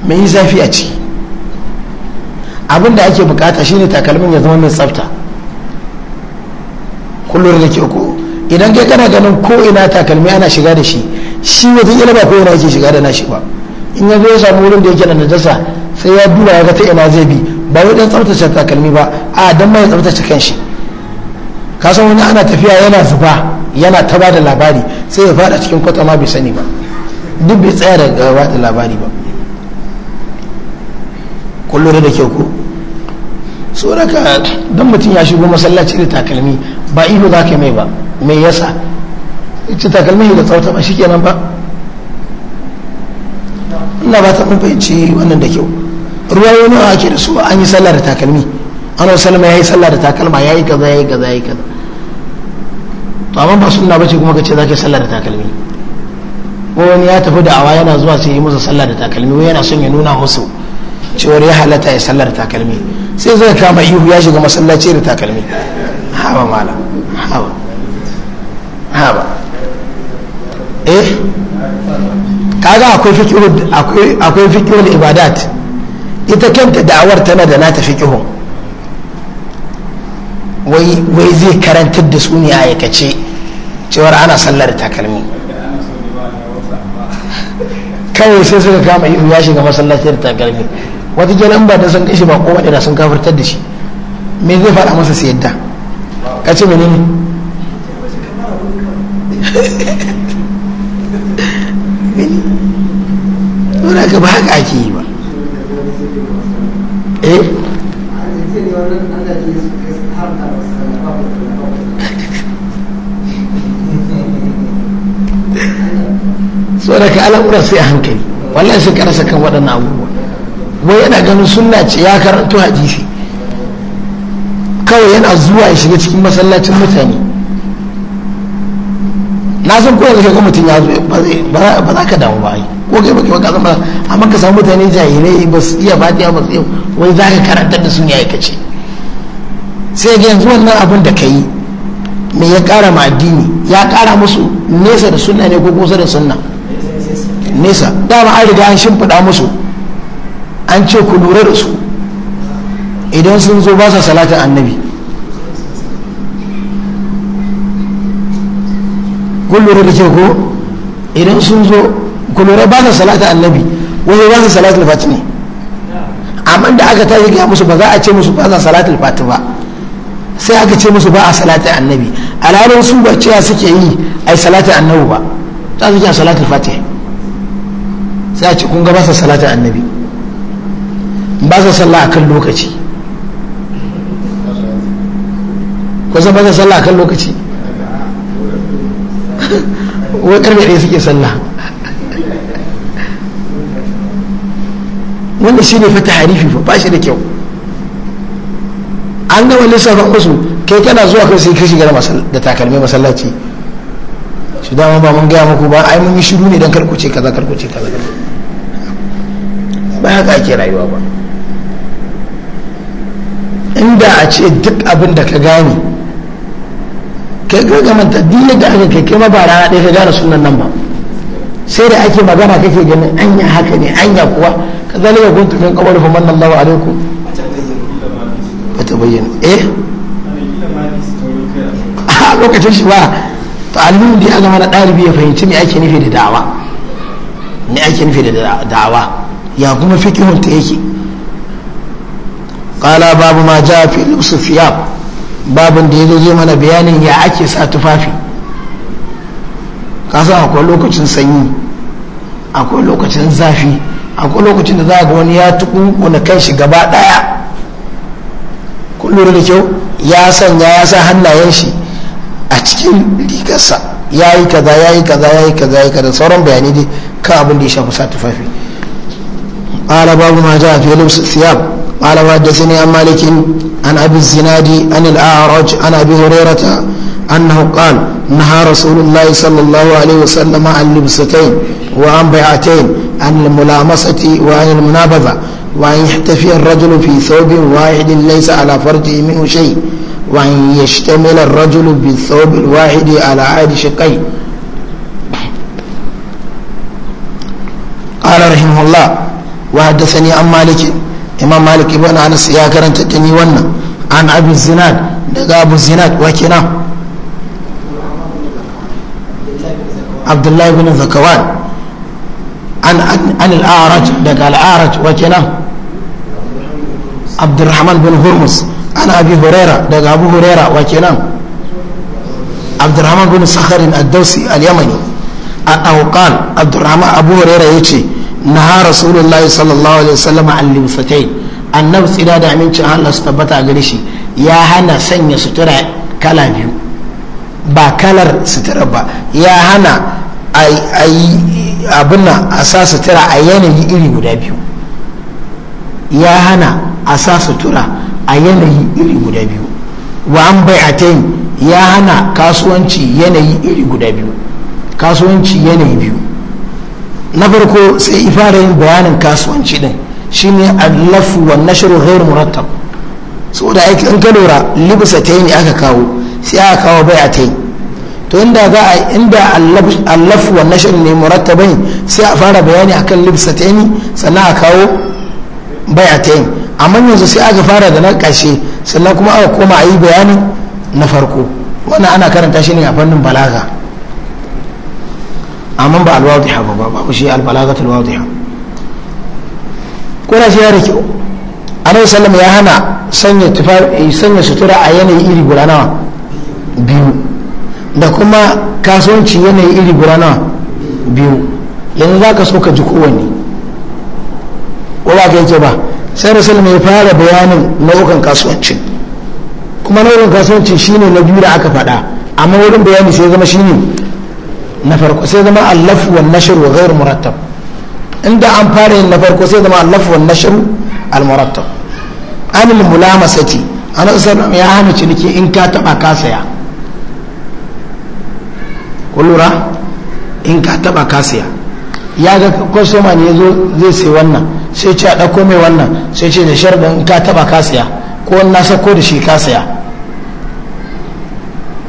[SPEAKER 1] mai yi zafi a ciki abin da ake bukata shine takalmin ya zama mai tsafta kullum da ke ko idan kai kana ganin ko ina takalmi ana shiga da shi shi ila ba kowane yake shiga da nashi ba in ya zo ya samu wurin da yake da najasa sai ya duba ya ga ta ina zai bi ba wai dan tsaftace takalmi ba a dan mai tsaftace kanshi ka san wani ana tafiya yana zuba yana ta ba da labari sai ya fada cikin kwata ma bai sani ba duk bai tsaya da gaba da labari ba kullum da kyau ko so dan mutum ya shigo masallaci da takalmi ba ido za ka mai ba mai yasa ita takalmin da tsawata ba shikenan ba ina ba ta fahimci wannan da kyau ruwa wani a ake da su an yi sallah da takalmi An wasu salama ya yi sallah da takalma ya yi kaza ya yi kaza ya yi kaza to amma ba sunna ce kuma ka ce za zaka sallah da takalmi ko wani ya tafi da awa yana zuwa sai yi musu sallah da takalmi wai yana son ya nuna musu cewar ya halatta ya sallah da takalmi sai zai kama ihu ya shiga masallaci da takalmi hawa malam hawa Ka kaga akwai fiqhul akwai akwai ibadat ita kanta da'awar tana da nata fikihu wai wai zai karantar da su ne a aikace cewar ana sallar takalmi kawai sai suka kama ihu ya shiga masallacin takalmi wata kenan ba da sun kashi ba ko da sun kafirtar da shi me zai faɗa masa sai yadda ka ce menene gani nuna ka ba haka ake yi ba tsoraka eh? al'amuran sai a hankali wallahi sai ka rasa kan waɗannan abubuwa wai yana ganin suna ce ya karanto hadisi kawai yana zuwa ya shiga cikin masallacin mutane na san ko yanzu ko mutum ya zo ba za ka damu ba ai ko kai baki baka san ba amma ka samu mutane jahilai ba su iya fatiha ba su yau wai za ka karanta da su ne kace sai ga yanzu wannan abin da ka yi me ya kara ma addini ya kara musu nesa da sunna ne ko kusa da sunna nesa dama an riga an shimfiɗa musu an ce ku lura da su idan sun zo ba sa salatin annabi kun lura da ko idan sun zo ku lura ba su salata annabi wani ba su salata fati ne amma da aka tashi gaya musu ba za a ce musu ba su salata fati ba sai aka ce musu ba a salata annabi alalun su ba cewa suke yi ai salata annabi ba ta suke a salata fati sai a ce kun ga ba su salata annabi ba salla a kan lokaci ko sa ba salla a kan lokaci wai mai suke sallah wanda shi ne fata harifi fa ba shi da kyau an gama lissafin wasu kai kana zuwa kai sai kashi gara da takalmi masallaci shi dama ba mun gaya muku ba ai mun yi shiru ne don karkuce kaza karkuce kaza ba haka ake rayuwa ba inda a ce duk abin da ka gane kai ga gaman manta duk yadda aka kai kai ma ba rana ɗaya ka gane sunan nan ba sai da ake magana kake ganin anya haka ne anya kuwa ka zalika kuntu min qabl fa manna Allahu alaikum ba ta bayyana eh a lokacin shi ba ta'allum da aka mana ɗalibi ya fahimci me ake nufi da da'awa me ake nufi da da'awa ya kuma fikihun ta yake قال babu ma جاء في لبس babin da ya zo mana bayanin ya ake sa tufafi kasan akwai lokacin sanyi akwai lokacin zafi akwai lokacin da za a ga wani ya tuku wani kan shi gaba daya kullum da kyau ya sanya ya sa hannayen shi a cikin rigarsa ya yi kaza ya yi kaza ya yi kaza ya yi kaza sauran bayani dai kan abin da ya shafi sa tufafi ala babu ma ja في لبس Siyam. قال وحدثني عن مالك عن أبي الزناد عن الأعرج عن أبي هريرة أنه قال نهى رسول الله صلى الله عليه وسلم عن لبستين وعن بيعتين عن الملامسة وعن المنابذة وأن يحتفي الرجل في ثوب واحد ليس على فرجه منه شيء وأن يشتمل الرجل بالثوب الواحد على عاد شقيه قال رحمه الله وحدثني عن مالك imam malik ibn anas ya karanta da wannan an abu zinad daga abu zinad wa kenan abdullahi ibn zakawan an an al-a'raj daga al-a'raj wa kenan abdurrahman bin hurmus an abi huraira daga abu hurera wakina kenan abdurrahman bin sakharin ad-dawsi al-yamani an qala abdurrahman abu hurera yace na rasulullahi sallallahu alaihi wasallam al-limsatai annab tsira da amincin Allah su tabbata a gare shi ya hana sanya sutura kala biyu ba kalar sutura ba ya hana abin nan a sa sutura a yanayi iri guda biyu ya hana a sa sutura a yanayi iri guda biyu wa an bai ya hana kasuwanci yanayi iri guda biyu kasuwanci yanayi biyu na farko sai ifara yin bayanin kasuwanci din shine allafu wa nashru ghairu murattab saboda aiki in ka lura libsa ta yi aka kawo sai aka kawo bai a ta yi to inda za a inda allafu wa nashru ne murattabai sai a fara bayani akan libsa ta yi sannan a kawo bai a ta yi amma yanzu sai aka fara da na ƙarshe sannan kuma aka koma a yi bayanin na farko wannan ana karanta shi ne a fannin balaga amma ba alwadiha ba ku shi albalagatul wadiha ko na shi ya rike alaihi sallam ya hana sanya sanya sutura a yanayi iri guda biyu da kuma kasuwanci yanayi iri guda biyu yanzu za ka so ka ji kowanne ko ba ka yake ba sai rasul mai fara bayanin nau'ukan kasuwancin kuma nau'ukan kasuwancin shine na biyu da aka faɗa amma wurin bayani sai zama shine na farko sai zama allaf wa nashr wa ghayr murattab inda an fara yin na farko sai zama allaf wa nashr al murattab an al mulamasati ana sallam ya hana ciniki in ka taba ka saya kullura in ka taba ka saya ya ga kwastoma ne zo zai sai wannan sai ce a ɗauko mai wannan sai ce da sharɗin in ka taba ka saya ko na sako da shi ka saya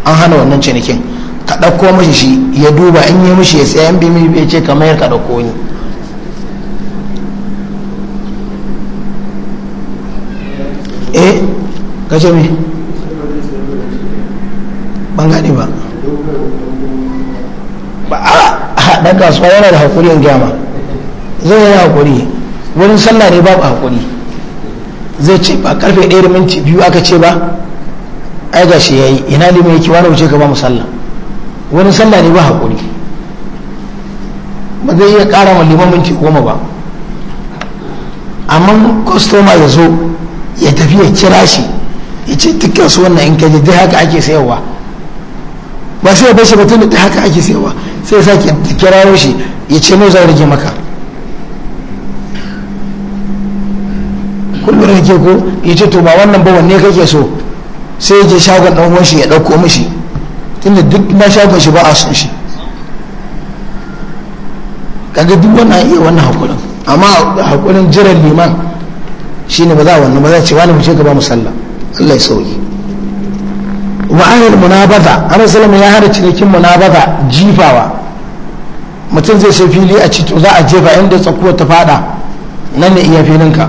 [SPEAKER 1] an hana wannan cinikin ka ɗauko mashi shi ya duba in yi mashi ya tsayan bi mai bai ce kamar ka ɗauko ni eh kashe me ban gani ba ba a ɗan kasuwa yana da haƙuri in gyama zai yana haƙuri wurin sallah ne babu haƙuri zai ce ba karfe ɗaya da minti biyu aka ce ba ai ga shi ya yi ina limai yake wani wuce ka ba sallah wani sallah ne ba haƙuri ba zai iya ƙara wa Limamin minti goma ba amma kwastoma ya zo ya tafi ya kira shi ya ce tukkan su wannan in kaji dai haka ake sayarwa ba sai ya bashi shi ba tunda haka ake sayarwa sai ya sake kira shi ya ce mai zan rage maka kullum rage ko ya ce to ba wannan ba wanne kake so sai ya je shagon ɗan uwan shi ya ɗauko mishi tunda duk sha shagon shi ba a son shi kaga duk wannan iya wannan haƙurin. amma hakurin jiran liman shine ba za wannan ba za ce wani mu ce gaba sallah. Allah ya sauki wa ahil munabaza ana salama ya hada cinikin munabaza jifawa mutum zai sai fili a ci to za a jefa inda tsakuwa ta fada nan ne iya filinka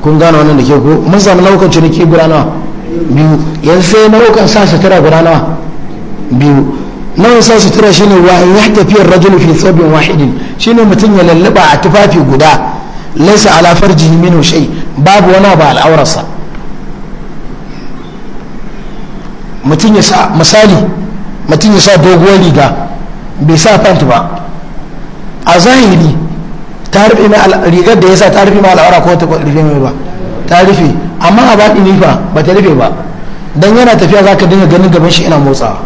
[SPEAKER 1] kun gane wannan da ke ko mun samu nau'ukan ciniki guda nawa biyu yanzu sai nau'ukan sa sutura guda nawa biyu nau'in sa sutura shine wa in ya tafiyar rajul fi thawbin wahidin shine mutum ya lallaba a tufafi guda laysa ala farjihi minhu shay babu wani ba al'aurarsa mutum ya sa misali mutum ya sa doguwar riga bai sa pant ba a zahiri ta rufe rigar da ya sa ta rufe ma al'aura ko ta rufe mai ba ta rufe amma a baɗi nifa ba ta rufe ba dan yana tafiya za ka dinga ganin gaban shi ina motsawa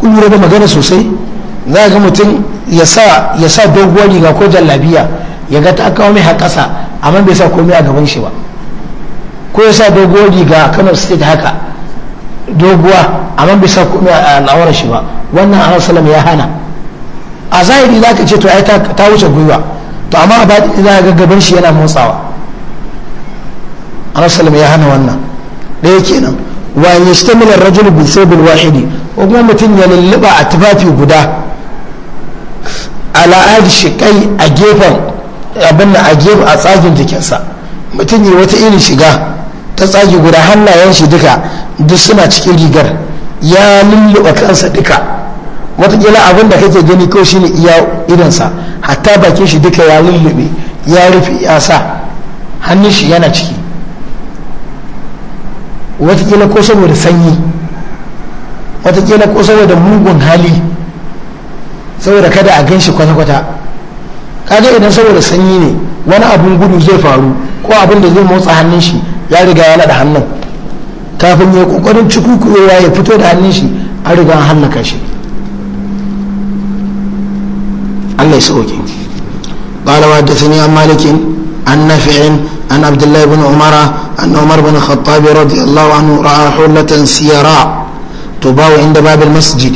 [SPEAKER 1] kun lura da magana sosai za ga mutum ya sa doguwar riga ko jallabiya ya ga ta kawo mai haƙasa amma bai sa komai a gaban shi ba ko ya sa doguwar riga kano state haka doguwa amma bai sa komai a al'awar shi ba wannan a ya hana a zahiri za ka ce to ai ta wuce gwiwa to amma a baɗi za ga gabar shi yana motsawa anasalam ya hana wannan ɗaya kenan wa ya shi tamilar rajul bi wahidi ko kuma mutum ya lulluɓa a tufafi guda ala'ad shi kai a gefen abin da a gefen a tsagin jikinsa mutum ya wata irin shiga ta tsagi guda hannayen shi duka duk suna cikin rigar ya lulluɓa kansa duka watakila abin da kake gani ko shi ne iya idansa hatta bakin shi duka ya lullube ya rufe ya sa hannun shi yana ciki watakila ko saboda sanyi watakila ko saboda mugun hali saboda kada a gan shi kwata-kwata kaga idan saboda sanyi ne wani abun gudu zai faru ko abin da zai motsa hannun shi ya riga ya da hannun kafin ya kokarin cikukuwa ya fito da hannun shi an riga an hallaka shi الله يسوكي قال وحدثني عن مالك عن نافع عن عبد الله بن عمر أن عمر بن الخطاب رضي الله عنه رأى حلة سيراء تباع عند باب المسجد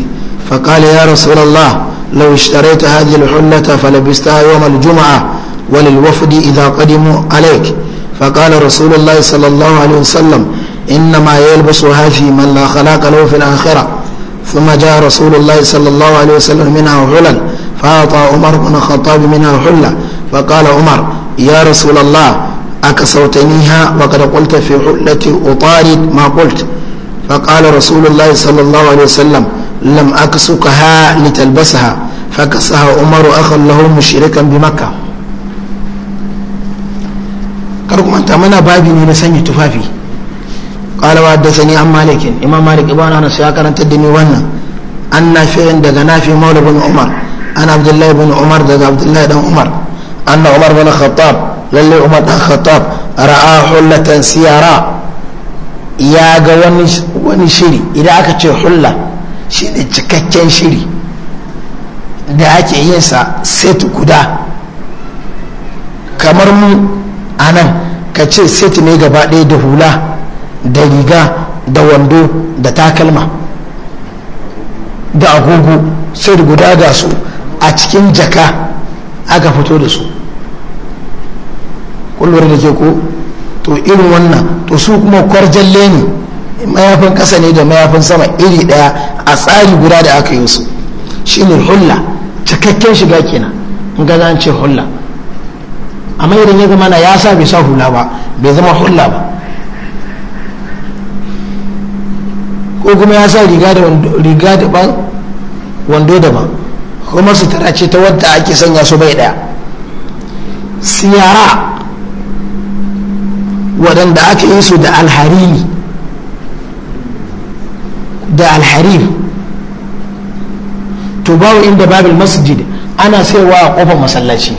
[SPEAKER 1] فقال يا رسول الله لو اشتريت هذه الحلة فلبستها يوم الجمعة وللوفد إذا قدموا عليك فقال رسول الله صلى الله عليه وسلم إنما يلبسها في من لا خلاق له في الآخرة ثم جاء رسول الله صلى الله عليه وسلم منها حلل فأعطى عمر بن الخطاب منها الحلة فقال عمر يا رسول الله أكسوتنيها وقد قلت في حلة أطارد ما قلت فقال رسول الله صلى الله عليه وسلم لم أكسكها لتلبسها فكسها عمر أخا له مشركا بمكة كركم أنت منا بابي من سنة تفافي قال وحدثني عن مالك إمام مالك إبان أنس يا كرنت الدنيا وانا أن نافع دغ نافع مولى بن عمر an abdullahi bin umar daga abdullahi dan umar anna umar bin khattab lalle umar dan khattab ra'a hullatan siyara ya ga wani shiri idan aka ce hulla shine cikakken shiri da ake yin sa set guda kamar mu a nan ka ce set ne gaba ɗaya da hula da riga da wando da takalma da agogo set guda ga su a cikin jaka aka fito da su kullum da ke ko to irin wannan to su kuma kwarjalle ne mayafin ƙasa ne da mayafin sama iri ɗaya a tsari guda da aka yi su shi ne hulla cikakken shiga kenan in ga an ce hulla amma idan ya zama na ya sa bai sa hula ba bai zama hulla ba ko kuma ya sa riga da wando daban kuma sutura ce ta wadda ake sanya su bai daya siyara waɗanda aka yi su da alhariri da alharir to babu inda babil masjid ana sayarwa a kofar masallaci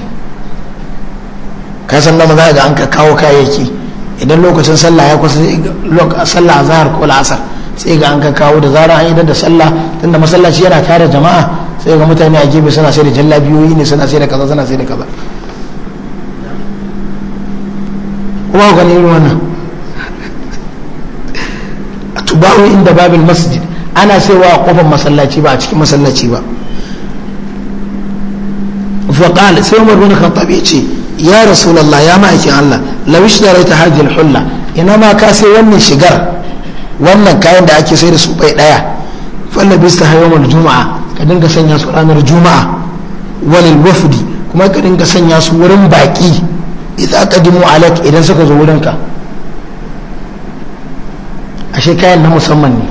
[SPEAKER 1] kasan da maza ga an ka kawo kayayyaki idan lokacin sallah ya kusa sallah a zahar ko la'asar sai ga an ka kawo da zara an yi da sallah tunda masallaci yana tare jama'a sai ga mutane a gefe suna sai da jallabiyoyi ne suna sai da kaza suna sai da kaza kuma ku gani irin wannan tubawu inda babin masjid ana saiwa a kofar masallaci ba a cikin masallaci ba sai umar فقال سي عمر بن الخطاب يجي يا رسول الله يا مايكي الله لو اشتريت ina ma ka كاسي wannan shigar wannan kayan da ake sai da su bai daya falla bista yawmal juma'a ka dinga sanya su ranar juma'a walil wafdi kuma ka dinga sanya su wurin baki idza qadimu alak idan suka zo wurin ka ashe kayan na musamman ne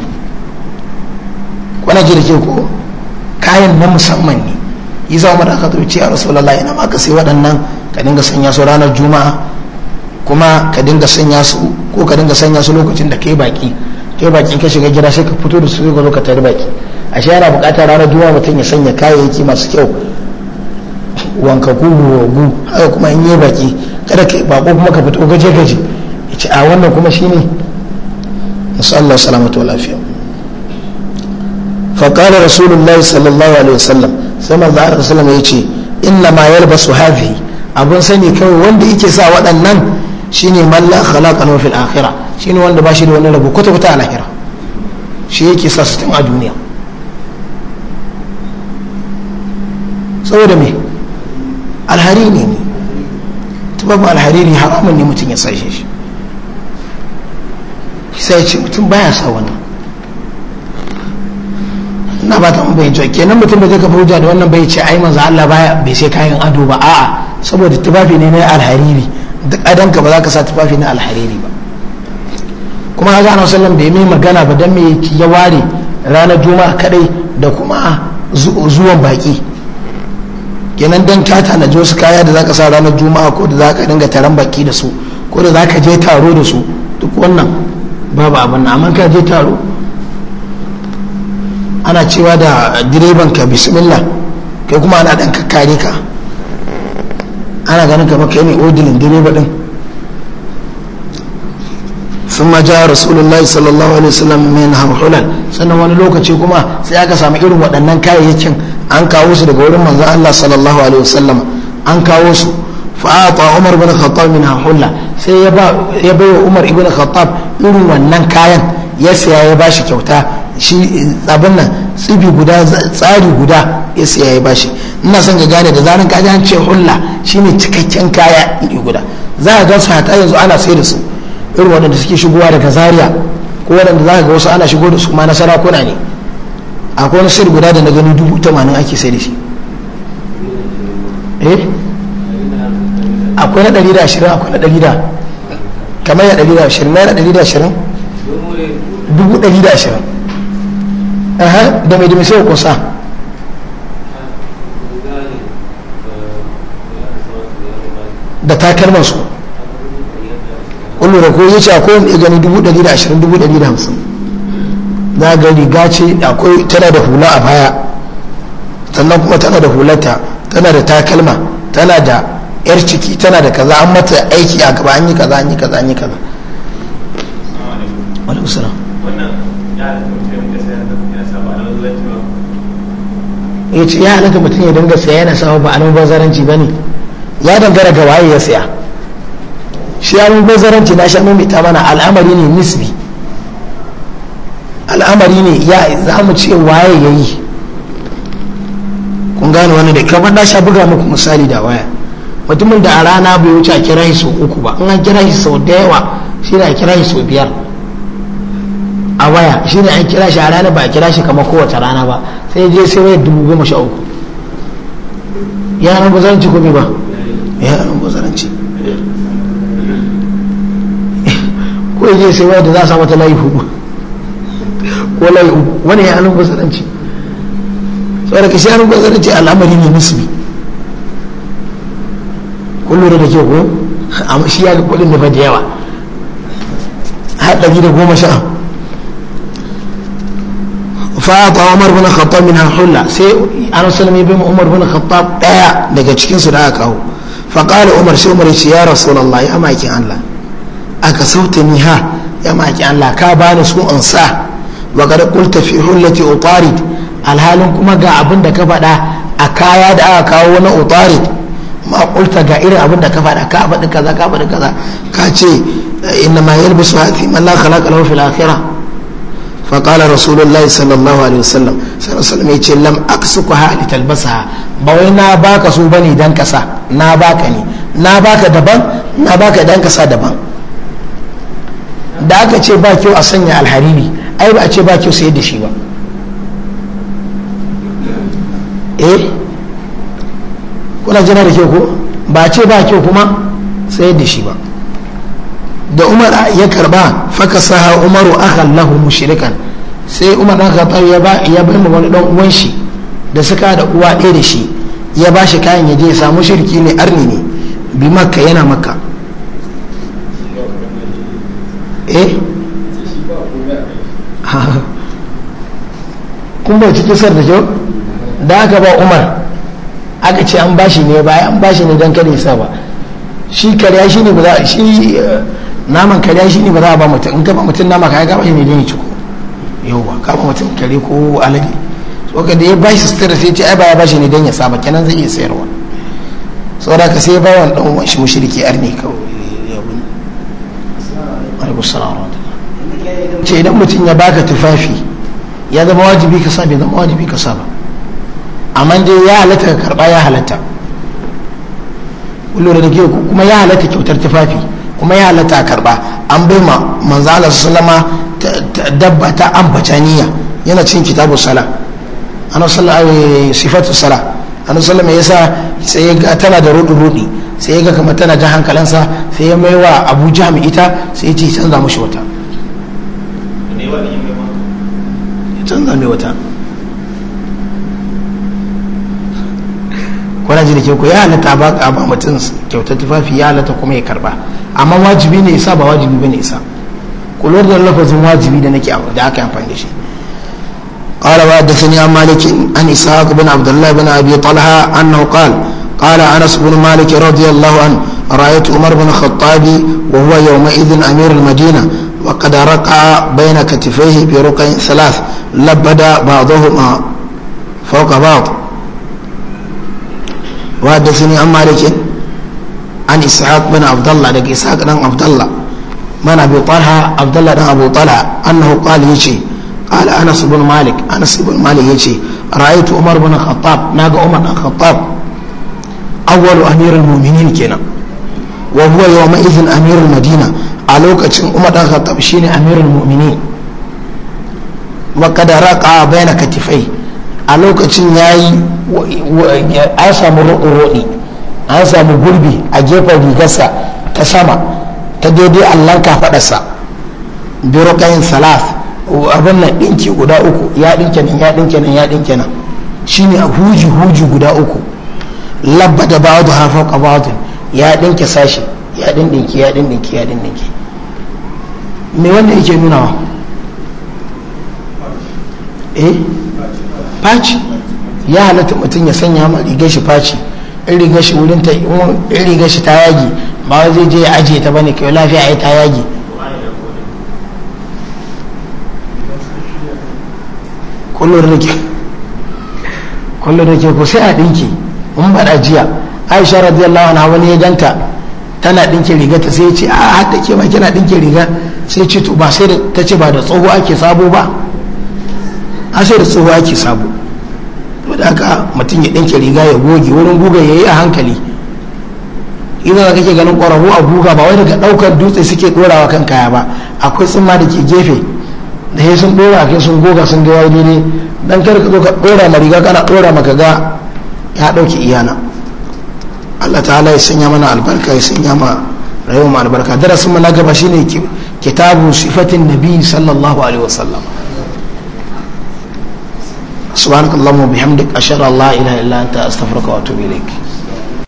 [SPEAKER 1] kwana ji da ke ko kayan na musamman ne yi za mu da aka ce a rasulallah ina ma ka sai waɗannan ka dinga sanya su ranar juma'a kuma ka dinga sanya su ko ka dinga sanya su lokacin da kai baki kai baki ka shiga gida sai ka fito da su ka zo ka tare baki ashe yana bukatar ranar juma'a mutum ya sanya kayayyaki masu kyau wanka gugu wagu haka kuma in yi baki kada ka bako kuma ka fito gaje gaje ce a wannan kuma shine musu Allah salamatu wa lafiya faƙari rasulullahi sallallahu alaihi wasallam sai manzo Allah sallam ya ce inna ma su hadhihi abun sani kawai wanda yake sa waɗannan shine man la khalaqa lahu fil akhirah shine wanda ba shi da wani rabu kwata kwata a lahira shi yake sa su tun a duniya saboda me alhari ne ne alhari ne haramun ne mutum ya sashe shi sai ce mutum baya sa wannan na ba ta bai jo kenan mutum ba zai kafa hujja da wannan bai ce ai manzo Allah baya bai sai kayan ado ba a'a saboda tubafi ne na alhariri duk adanka ba za ka sa tubafi na alhariri ba kuma haka ana sallam bai mai magana ba dan me ya ware ranar juma'a kadai da kuma zuwan baki kenan dan ka tanaji wasu kaya da zaka sa ranar juma'a ko da zaka dinga taron baki da su ko da zaka je taro da su duk wannan babu abin amma ka je taro ana cewa da direban ka bismillah kai kuma ana dan kakkare ka ana ganin kamar kai ne odilin direba din ثم جاء رسول الله صلى الله عليه وسلم من همحلل sannan wani lokaci kuma sai aka samu irin waɗannan kayayyakin an kawo su daga wurin manzon Allah sallallahu alaihi wasallam an kawo su fa'ata Umar bin Khattab min hulla sai ya bai wa Umar ibn Khattab irin wannan kayan ya saya ya shi kyauta shi abin nan tsibi guda tsari guda ya saya ya shi ina son ga gane da zaran kaji an ce hulla shine cikakken kaya iri guda za ga su hata yanzu ana sai da su irin waɗanda suke shigowa daga Zaria ko waɗanda za ga wasu ana shigo da su ma na sarakuna ne akwai wani sayar guda da na gani dubu tamanin ake sai da shi eh akwai na ɗari da ashirin akwai na ɗari da kamar ya ɗari da ashirin na ɗari da ashirin dubu ɗari da ashirin aha da mai dimi sai kusa sa da takalman su kullum da ko yace akwai wani gani dubu ɗari da ashirin dubu ɗari da hamsin za ga riga ce akwai tana da hula a baya sannan kuma tana da hulata tana da takalma tana da yar ciki tana da kaza an mata aiki a gaba an yi kaza an yi kaza an yi kaza ya ce ya halatta mutum ya dinga saya yana samun ba'an bazaranci ba ne ya dangara ga waye ya saya shi alamun bazaranci na mai ta mana al'amari ne nisbi al'amari ne ya za mu ce waye ya yi kun gane wani da kamar na sha buga muku misali da waya mutumin da a rana bai wuce a kira shi sau uku ba in an kira shi sau da yawa shi ne a kira shi sau biyar a waya shi ne an kira shi a rana ba a kira shi kamar kowace rana ba sai je sai waya dubu goma sha uku ya nan bazaranci ko bai ba ya nan ko je sai waya da za a sa mata layi hudu ko layu wani ya halin gwazaranci tsara ka shi halin gwazaranci al'amari ne nisbi kullum da ke ko amma shi ya ga kudin da fa da yawa har ɗari da goma sha fata umar bin khattab min al-hulla sai an sallame bin umar bin khattab daya daga cikin su da aka kawo fa qala umar shi umar shi ya rasulullahi ya maki Allah aka sauta ni ha ya maki Allah ka bani su an sa wa kada kulta fi hullati utarid alhalin kuma ga abin da ka faɗa a kaya da aka kawo na utarid ma kulta ga irin abin da ka faɗa ka faɗi kaza ka faɗi kaza ka ce inna ma yalbisu hati man la khalaqa lahu fil akhirah fa qala rasulullahi sallallahu alaihi wasallam sallallahu alaihi wasallam yace lam aksukaha li talbasaha ba wai na baka su bane dan kasa na baka ne na baka daban na baka dan kasa daban da aka ce ba kyau a sanya alhariri ai ba a ce ba kyau sayar da shi ba eh kuna jira da kyau ko ba a ce ba kyau kuma sayar da shi ba da umar ya karba faka saha umaru akan lahu mushrikan sai umar dan ka ya ba ya bai wani dan uwan shi da suka da uwa ɗaya da shi ya ba shi kayan ya je ya samu shirki ne arni ne bi makka yana makka eh kun bai ciki sar da kyau da aka ba umar aka ce an bashi ne ba an bashi ne don kada ya sa ba shi karya shi ne ba za shi eh, naman karya shi ne ba za a ba mutum in ka mutum nama kaya ka bashi ne don ya ciko yau ba ka mutum kare ko alade ka da ya bashi sutura sai ce ai ba ya bashi ne don ya sa ba kenan zai iya sayarwa da ka sai ba wani dan uwan shi mushriki arni kawai ya bin alaikum ce idan mutum ya baka tufafi ya zama wajibi ka sa bai zama wajibi ka sa ba amma dai ya halatta ka karba ya halatta lura da kuma ya halatta kyautar tufafi kuma ya halatta ka karba an bai ma manzo Allah sallama dabba ta ambataniya yana cin kitabu sala ana sallallahu eh, sifatu sala ana sallama yasa sai ga tana da rudi rudi sai ga kamar tana jan hankalinsa sai ya maiwa Abu Jahm ita sai ya ce canza mushi wata nuna mai wata kwana ji da ke ya halatta ba ka ba mutum kyautar tufafi ya halatta kuma ya karba amma wajibi ne isa ba wajibi ba ne isa kulwar da lafazin wajibi da nake da aka amfani da shi قال وحدثني عن مالك عن اسحاق بن عبد الله بن ابي طلحه انه قال قال انس بن مالك رضي الله عنه رايت عمر بن الخطاب وهو يومئذ امير المدينه وقد رقع بين كتفيه برقع ثلاث لبد بعضهما فوق بعض وحدثني عن مالك عن إسحاق بن عبد الله لك إسحاق بن عبد الله من أبي طلحة عبد الله بن أبو طلحة أنه قال يجي قال أنس بن مالك أنس بن مالك يجي رأيت عمر بن الخطاب ناقة عمر بن الخطاب أول أمير المؤمنين كنا وهو يومئذ أمير المدينة a lokacin umar dan khattab ne amirin mu'mini da qad bai na katifai a lokacin ya yi an samu roɗi an samu gurbi a gefen rigarsa ta sama ta daidai allon kafaɗarsa birokayin salaf abin nan ɗinki guda uku ya ɗinke nan ya ɗinke nan ya ɗinke nan shi ne a huji huji guda uku labba da ba da hafa ya ɗinke sashi ya ɗinɗinki ya ɗinɗinki ya ɗinɗinki me wanda yake nunawa eh faci ya halatta mutum ya sanya ma rigar shi faci in rigar shi wurin ta in rigar shi ta yagi ba zai je ya ajiye ta bane kai lafiya ai ta yagi kullun rike kullun rike ko sai a dinki mun bada jiya Aisha radiyallahu anha wani ya ganta tana dinkin riga ta sai ya ce a hadda ke ma kina dinki riga sai ce to ba sai da ta ce ba da tsoho ake sabo ba a sai da tsoho ake sabo to da aka mutum ya ɗanke riga ya goge wurin guga ya yi a hankali idan da kake ganin ƙwararru a guga ba wai daga ɗaukar dutse suke ɗorawa kan kaya ba akwai tsumma da ke gefe da ya sun ɗora kai sun goga sun ga wani ne dan kar ka zo ka ɗora ma riga kana ɗora maka ga ya ɗauki iyana Allah ta'ala ya sanya mana albarka ya sanya ma albarka darasin mu na gaba shine kitabu sifatin nabi sallallahu alaihi wasallam subhanakallahumma bihamdik ashhadu an la ilaha illa anta astaghfiruka wa atubu